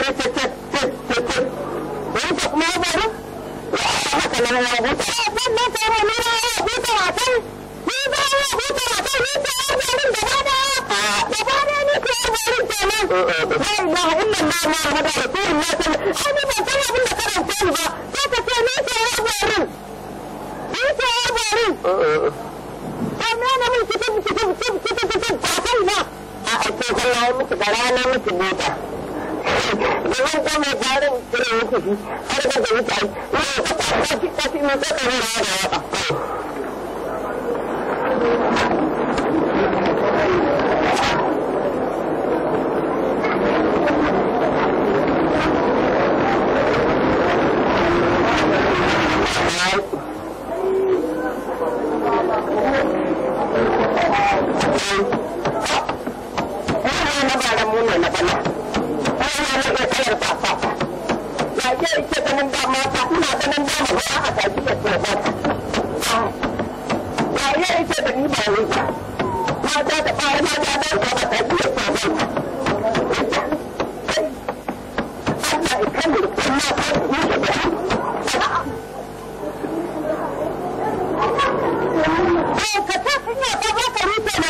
Wata kuma ba ba. buta. wannan kuma jarin da ya yi har da da mutane wani ta kwafi kwafi mai tsakanin da wata ake ganin ba mata ina ganin ba a tafi da kuma ba ba ya yake da ni ba wai mata da fara mata da ba ta tafi da kuma Allah ya kare kuma ta yi da ka ta hanya ta ba ka rufe na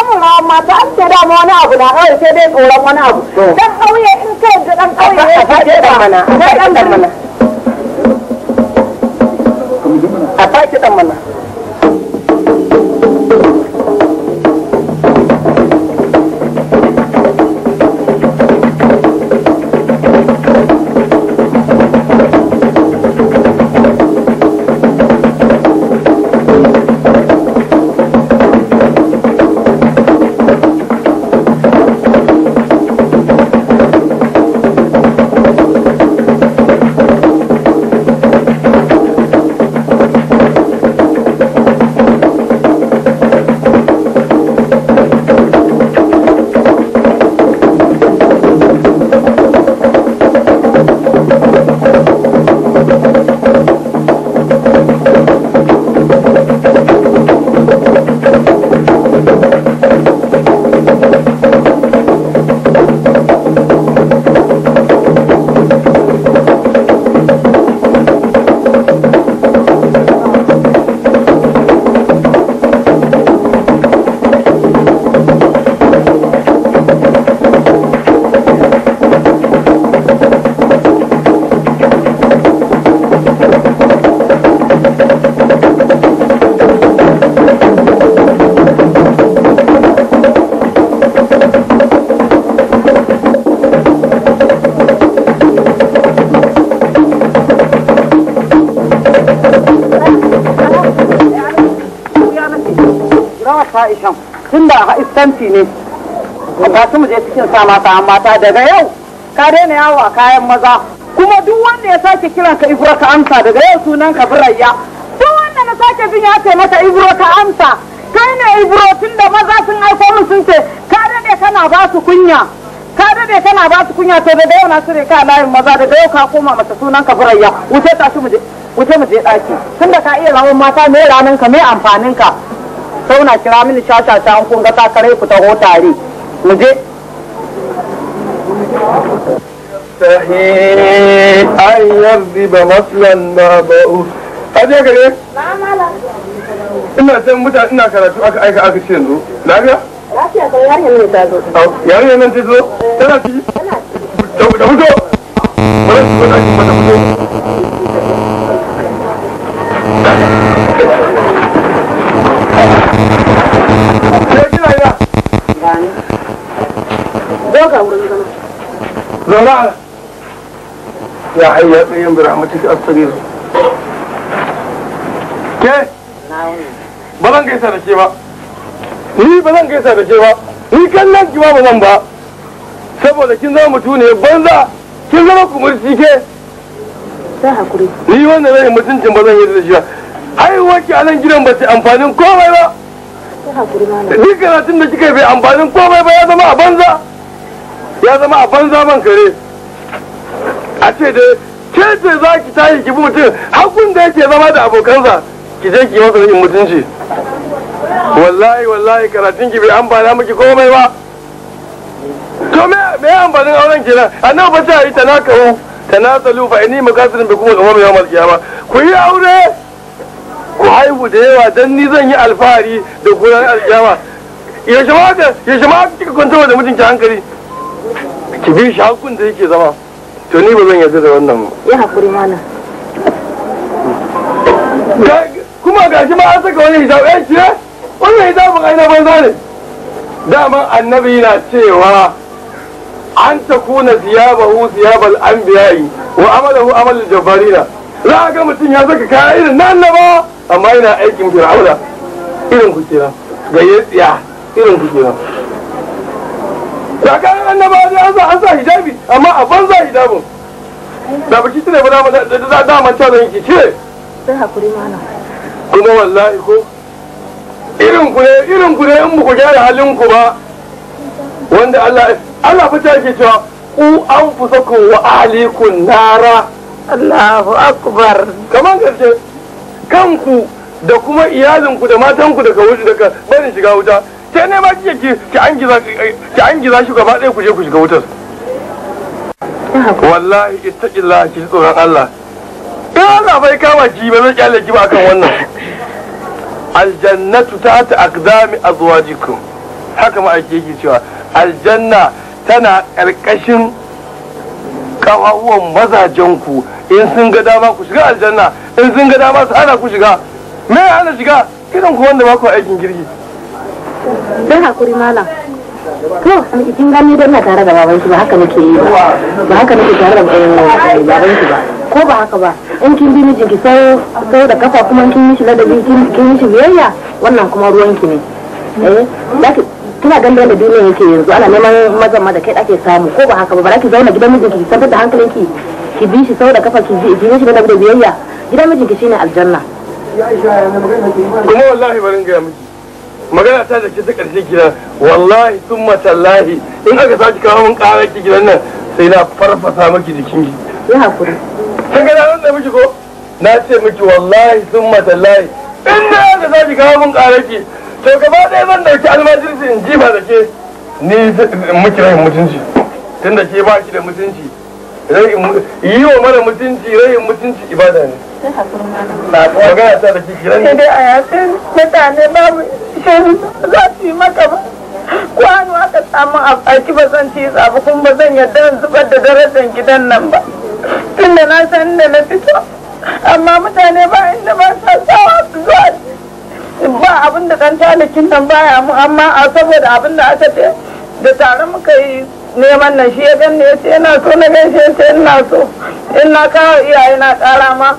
samun rawan mata an ce dama wani abu na kawai sai dai tsoron wani abu dan kauye in kai ga dan kauye ya faɗi dan mana a dan mana a faɗi dan mana kaskanci ne ba su mu je cikin sa mata amma ta daga yau ka daina yawa kayan maza kuma duk wanda ya sake kiran ka ibro ka amsa daga yau sunan ka birayya duk wanda na sake bin ya ce maka ibro ka amsa kai ne ibro tun da maza sun aiko mu sun ce ka daina kana ba su kunya ka daina kana ba su kunya to daga yau na sire ka layin maza daga yau ka koma mata sunan ka birayya wuce ta su mu je wuce mu je daki tunda ka iya rawon mata me ranan ka me amfanin ka sauna kira mini ta an kun ga kare ku taho tare mu je sahi an yardi ba maslan ma ba'u aje gare ina san mutane ina karatu aka aika aka ce yanzu lafiya lafiya ta yarinya ne ta zo yarinya nan ta zo tana ci zauna ya hayya ya tsayin biramatik astaghiru ke ba zan gaisa ba ni ba zan gaisa da ba ni kallon ba ba saboda kin zama mutu ne banza kin zama kumurci ke ni wannan rai mutuncin ba zan yi da shi ba ai wace a nan gidan ba ta amfanin komai ba ni karatun da kika bai amfanin komai ba ya zama a banza ya zama a banza man kare a ce da ke ce za ki tashi ki mutum hakun da yake zama da abokansa ki je ki masa yin mutunci wallahi wallahi karatun ki bai amfana miki komai ba to me me amfanin auren kenan annabi ba ta yi tanakahu tanasalu fa inni makasirin bi kuma kamar yawmal kiyama ku yi aure ku haihu da yawa dan ni zan yi alfahari da guran alkiyama ya ma ka ya ka kika kwanta da mutunci hankali ki bi shi hakun da yake zama to ni ba zan yarda da wannan ba ya hakuri mana kuma ga shi ma an saka wani hijab ya eh, ce wannan hijabin aina banza ne daman annabi na cewa an ta kuna ziyabahu ziyabal anbiya'i wa amalahu amalul jabbarina za a ga mutum ya saka kaya irin nan na ba amma yana aikin fir'auna irin ku kenan gayyatsiya irin ku kaga annaba an sa an sa hijabi amma a banza hijabin da baki tuna ba da ce sai hakuri mana kuma wallahi ko irin ku ne irin ku ne in ku gyara halin ku ba wanda Allah Allah fa ta yake cewa ku anfusakum wa ahlikum nara Allahu akbar kaman kanku da kuma iyalinku da matanku daga wuta daga barin shiga wuta sai ne ma kike ki an giza shi gaba ɗaya ku je ku shiga wutar wallahi istaqillah ki tsoron Allah ina Allah bai kama ki ba zan kyale ki ba kan wannan aljannatu ta ta aqdami azwajikum haka ma ake yake cewa aljanna tana ƙarƙashin ƙawawan mazajenku in sun ga dama ku shiga aljanna in sun ga dama su hana ku shiga me hana shiga idan ku wanda ba ku aikin girki don hakuri malam to kin gani don na tare da baban shi ba haka nake yi ba ba haka nake tare da eh, baban shi ba ko ba haka ba in kin bi mijinki sau sau da kafa kuma kin yi shi ladabi kin yi shi biyayya wannan kuma ruwanki ne eh kina ganin da duniya yake yanzu ana neman mazan ma da kai ake samu ko ba haka ba ba za ki zauna gidan mijinki ki santar da hankalinki ki bi shi sau da kafa ki ji shi ladabi biyayya gidan mijinki shine aljanna kuma wallahi barin ga miki magana ta da ke ta karshe gidan wallahi sun matallahi in aka sake kawo mun ƙara ki gidan nan sai na farfasa maki jikin ki ya hakuri kin ga nan da miki ko na ce miki wallahi sun matallahi in da aka sake kawo mun ƙara ki to gaba ɗaya zan dauki almajirsi in jima da ke ni miki rai mutunci tunda ke ba ki da mutunci yiwa wa mara mutunci rayin mutunci ibada ne magana ta da kiki rai dai a yasin mutane babu shirin za su yi maka ba kwano aka samu a baki ba zan ci tsafi kuma ba zan yarda zubar da darajar gidan nan ba tunda na san da na fito amma mutane ba inda ba sa sawa su zuwa ba abin da dan talakin nan baya mu amma a saboda abin da aka da tare muka yi neman nan shi ya ganni ya ce ina so na gaishe ce ina so in na kawo iyaye na kara ma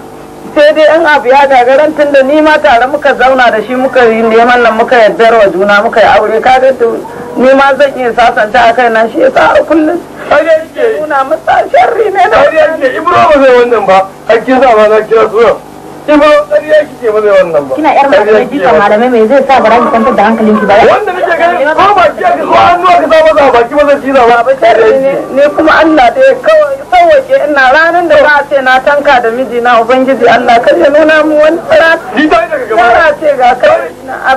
sai dai in abu ya gagaran tun da ni ma tare muka zauna da shi muka yi neman nan muka yaddar wa juna muka yi aure ka ga to ni zan iya sasanta a kai na shi ya sa a kullum nuna masa sharri ne na wajen Ibrahim ba zai wannan ba hakkin sa ba na kira Kina mai zai sa da ba. Wanda ci Ne kuma Allah da ya kawai sauwaje ina ranar da za a ce na tanka da miji na ubangiji Allah kar ya nuna mu wani tsara. ce ga kai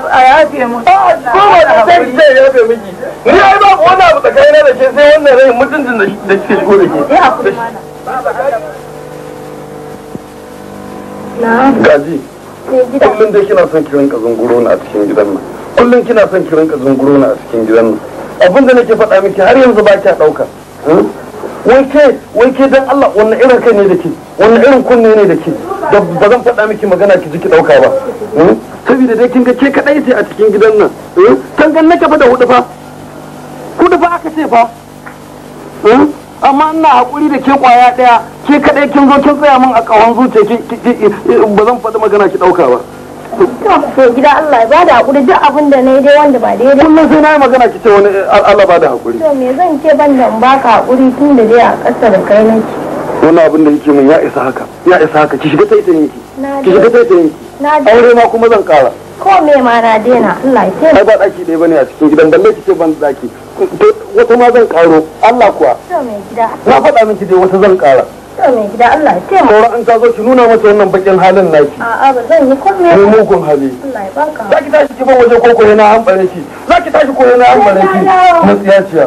a yafe mu. Ko ba da sai ce yafe miki. Ni ai ba wani abu da ke sai wannan rai mutuncin da ke shigo da ke. Eh, gaji kullum dai kina son kiran ka zunguro na a cikin gidan nan kullum kina son kiran ka zunguro na a cikin gidan nan abinda nake faɗa miki har yanzu ba kya ɗauka hmm? wai ke wai ke dan Allah wannan irin kai ne da wannan irin kunne ne da ke da ba zan faɗa miki magana ki jiki ɗauka ba hmm? saboda dai kin ga ke kaɗai ce a cikin gidan nan hmm? kan gan nake fa da hudu fa hudu fa aka ce fa amma ina haƙuri da ke ƙwaya ɗaya ke kaɗai kin zo kin tsaya min a ƙahon zuciya ba zan faɗi magana ki ɗauka ba. to gida Allah haƙuri duk abin da dai wanda ba daidai. kullum sai na yi magana ki ce wani Allah haƙuri. to me zan ce ban da haƙuri tun da dai a kai nake. wani abin da yake min ya isa haka ya isa haka ki shiga taitayin ki ki shiga taitayin ki aure ma kuma zan ƙara. ko me ma na daina Allah ya taimaka. ai ba ɗaki ɗaya bane a cikin gidan balle ki ce ban ɗaki wata ma zan karo Allah kuwa na faɗa miki dai wata zan kara gida sauran an ta zo ki nuna mata wannan bakin halin naki a'a zan yi komai ne mugun hali Allah ya baka tashi ki ban waje ko na yana an za ki tashi ko na an na tsiyaciya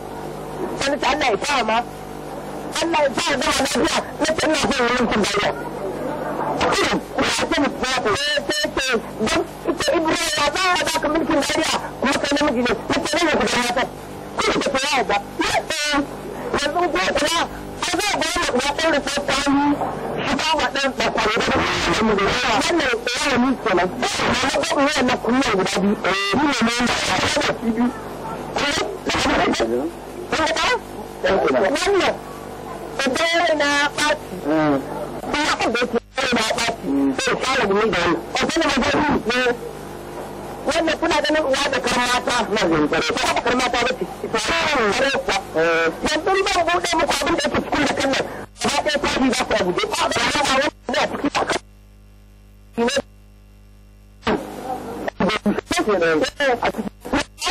wani ta Allah ya ma wani na ta ina so wani kun bayar don ita za dariya kuma namiji ne ta ko kuma an zai ba mu na ɗan dan ta hannu wannan tsawon ni kenan ba na ne ne wannan da na ɓaci ganin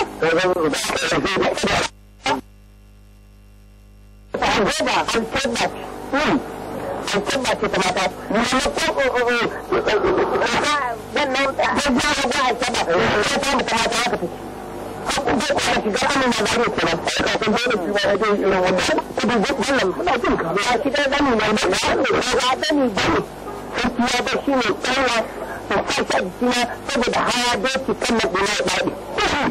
uwa da ciki I'm Buddha, I'm Buddha. Mm. I'm Buddha ce ta mata. Ni na na gari kenan. Ka san dole shi ba yake irin wannan. Ku duk Ba shi da gani na saboda hawa doki kan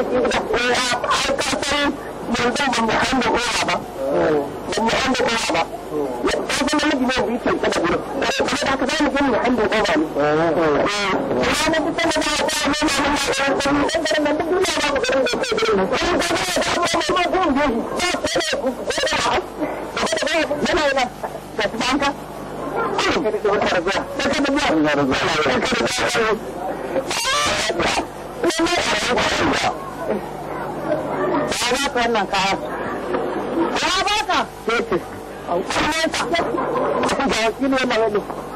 Thank you. No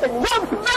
Robin, run!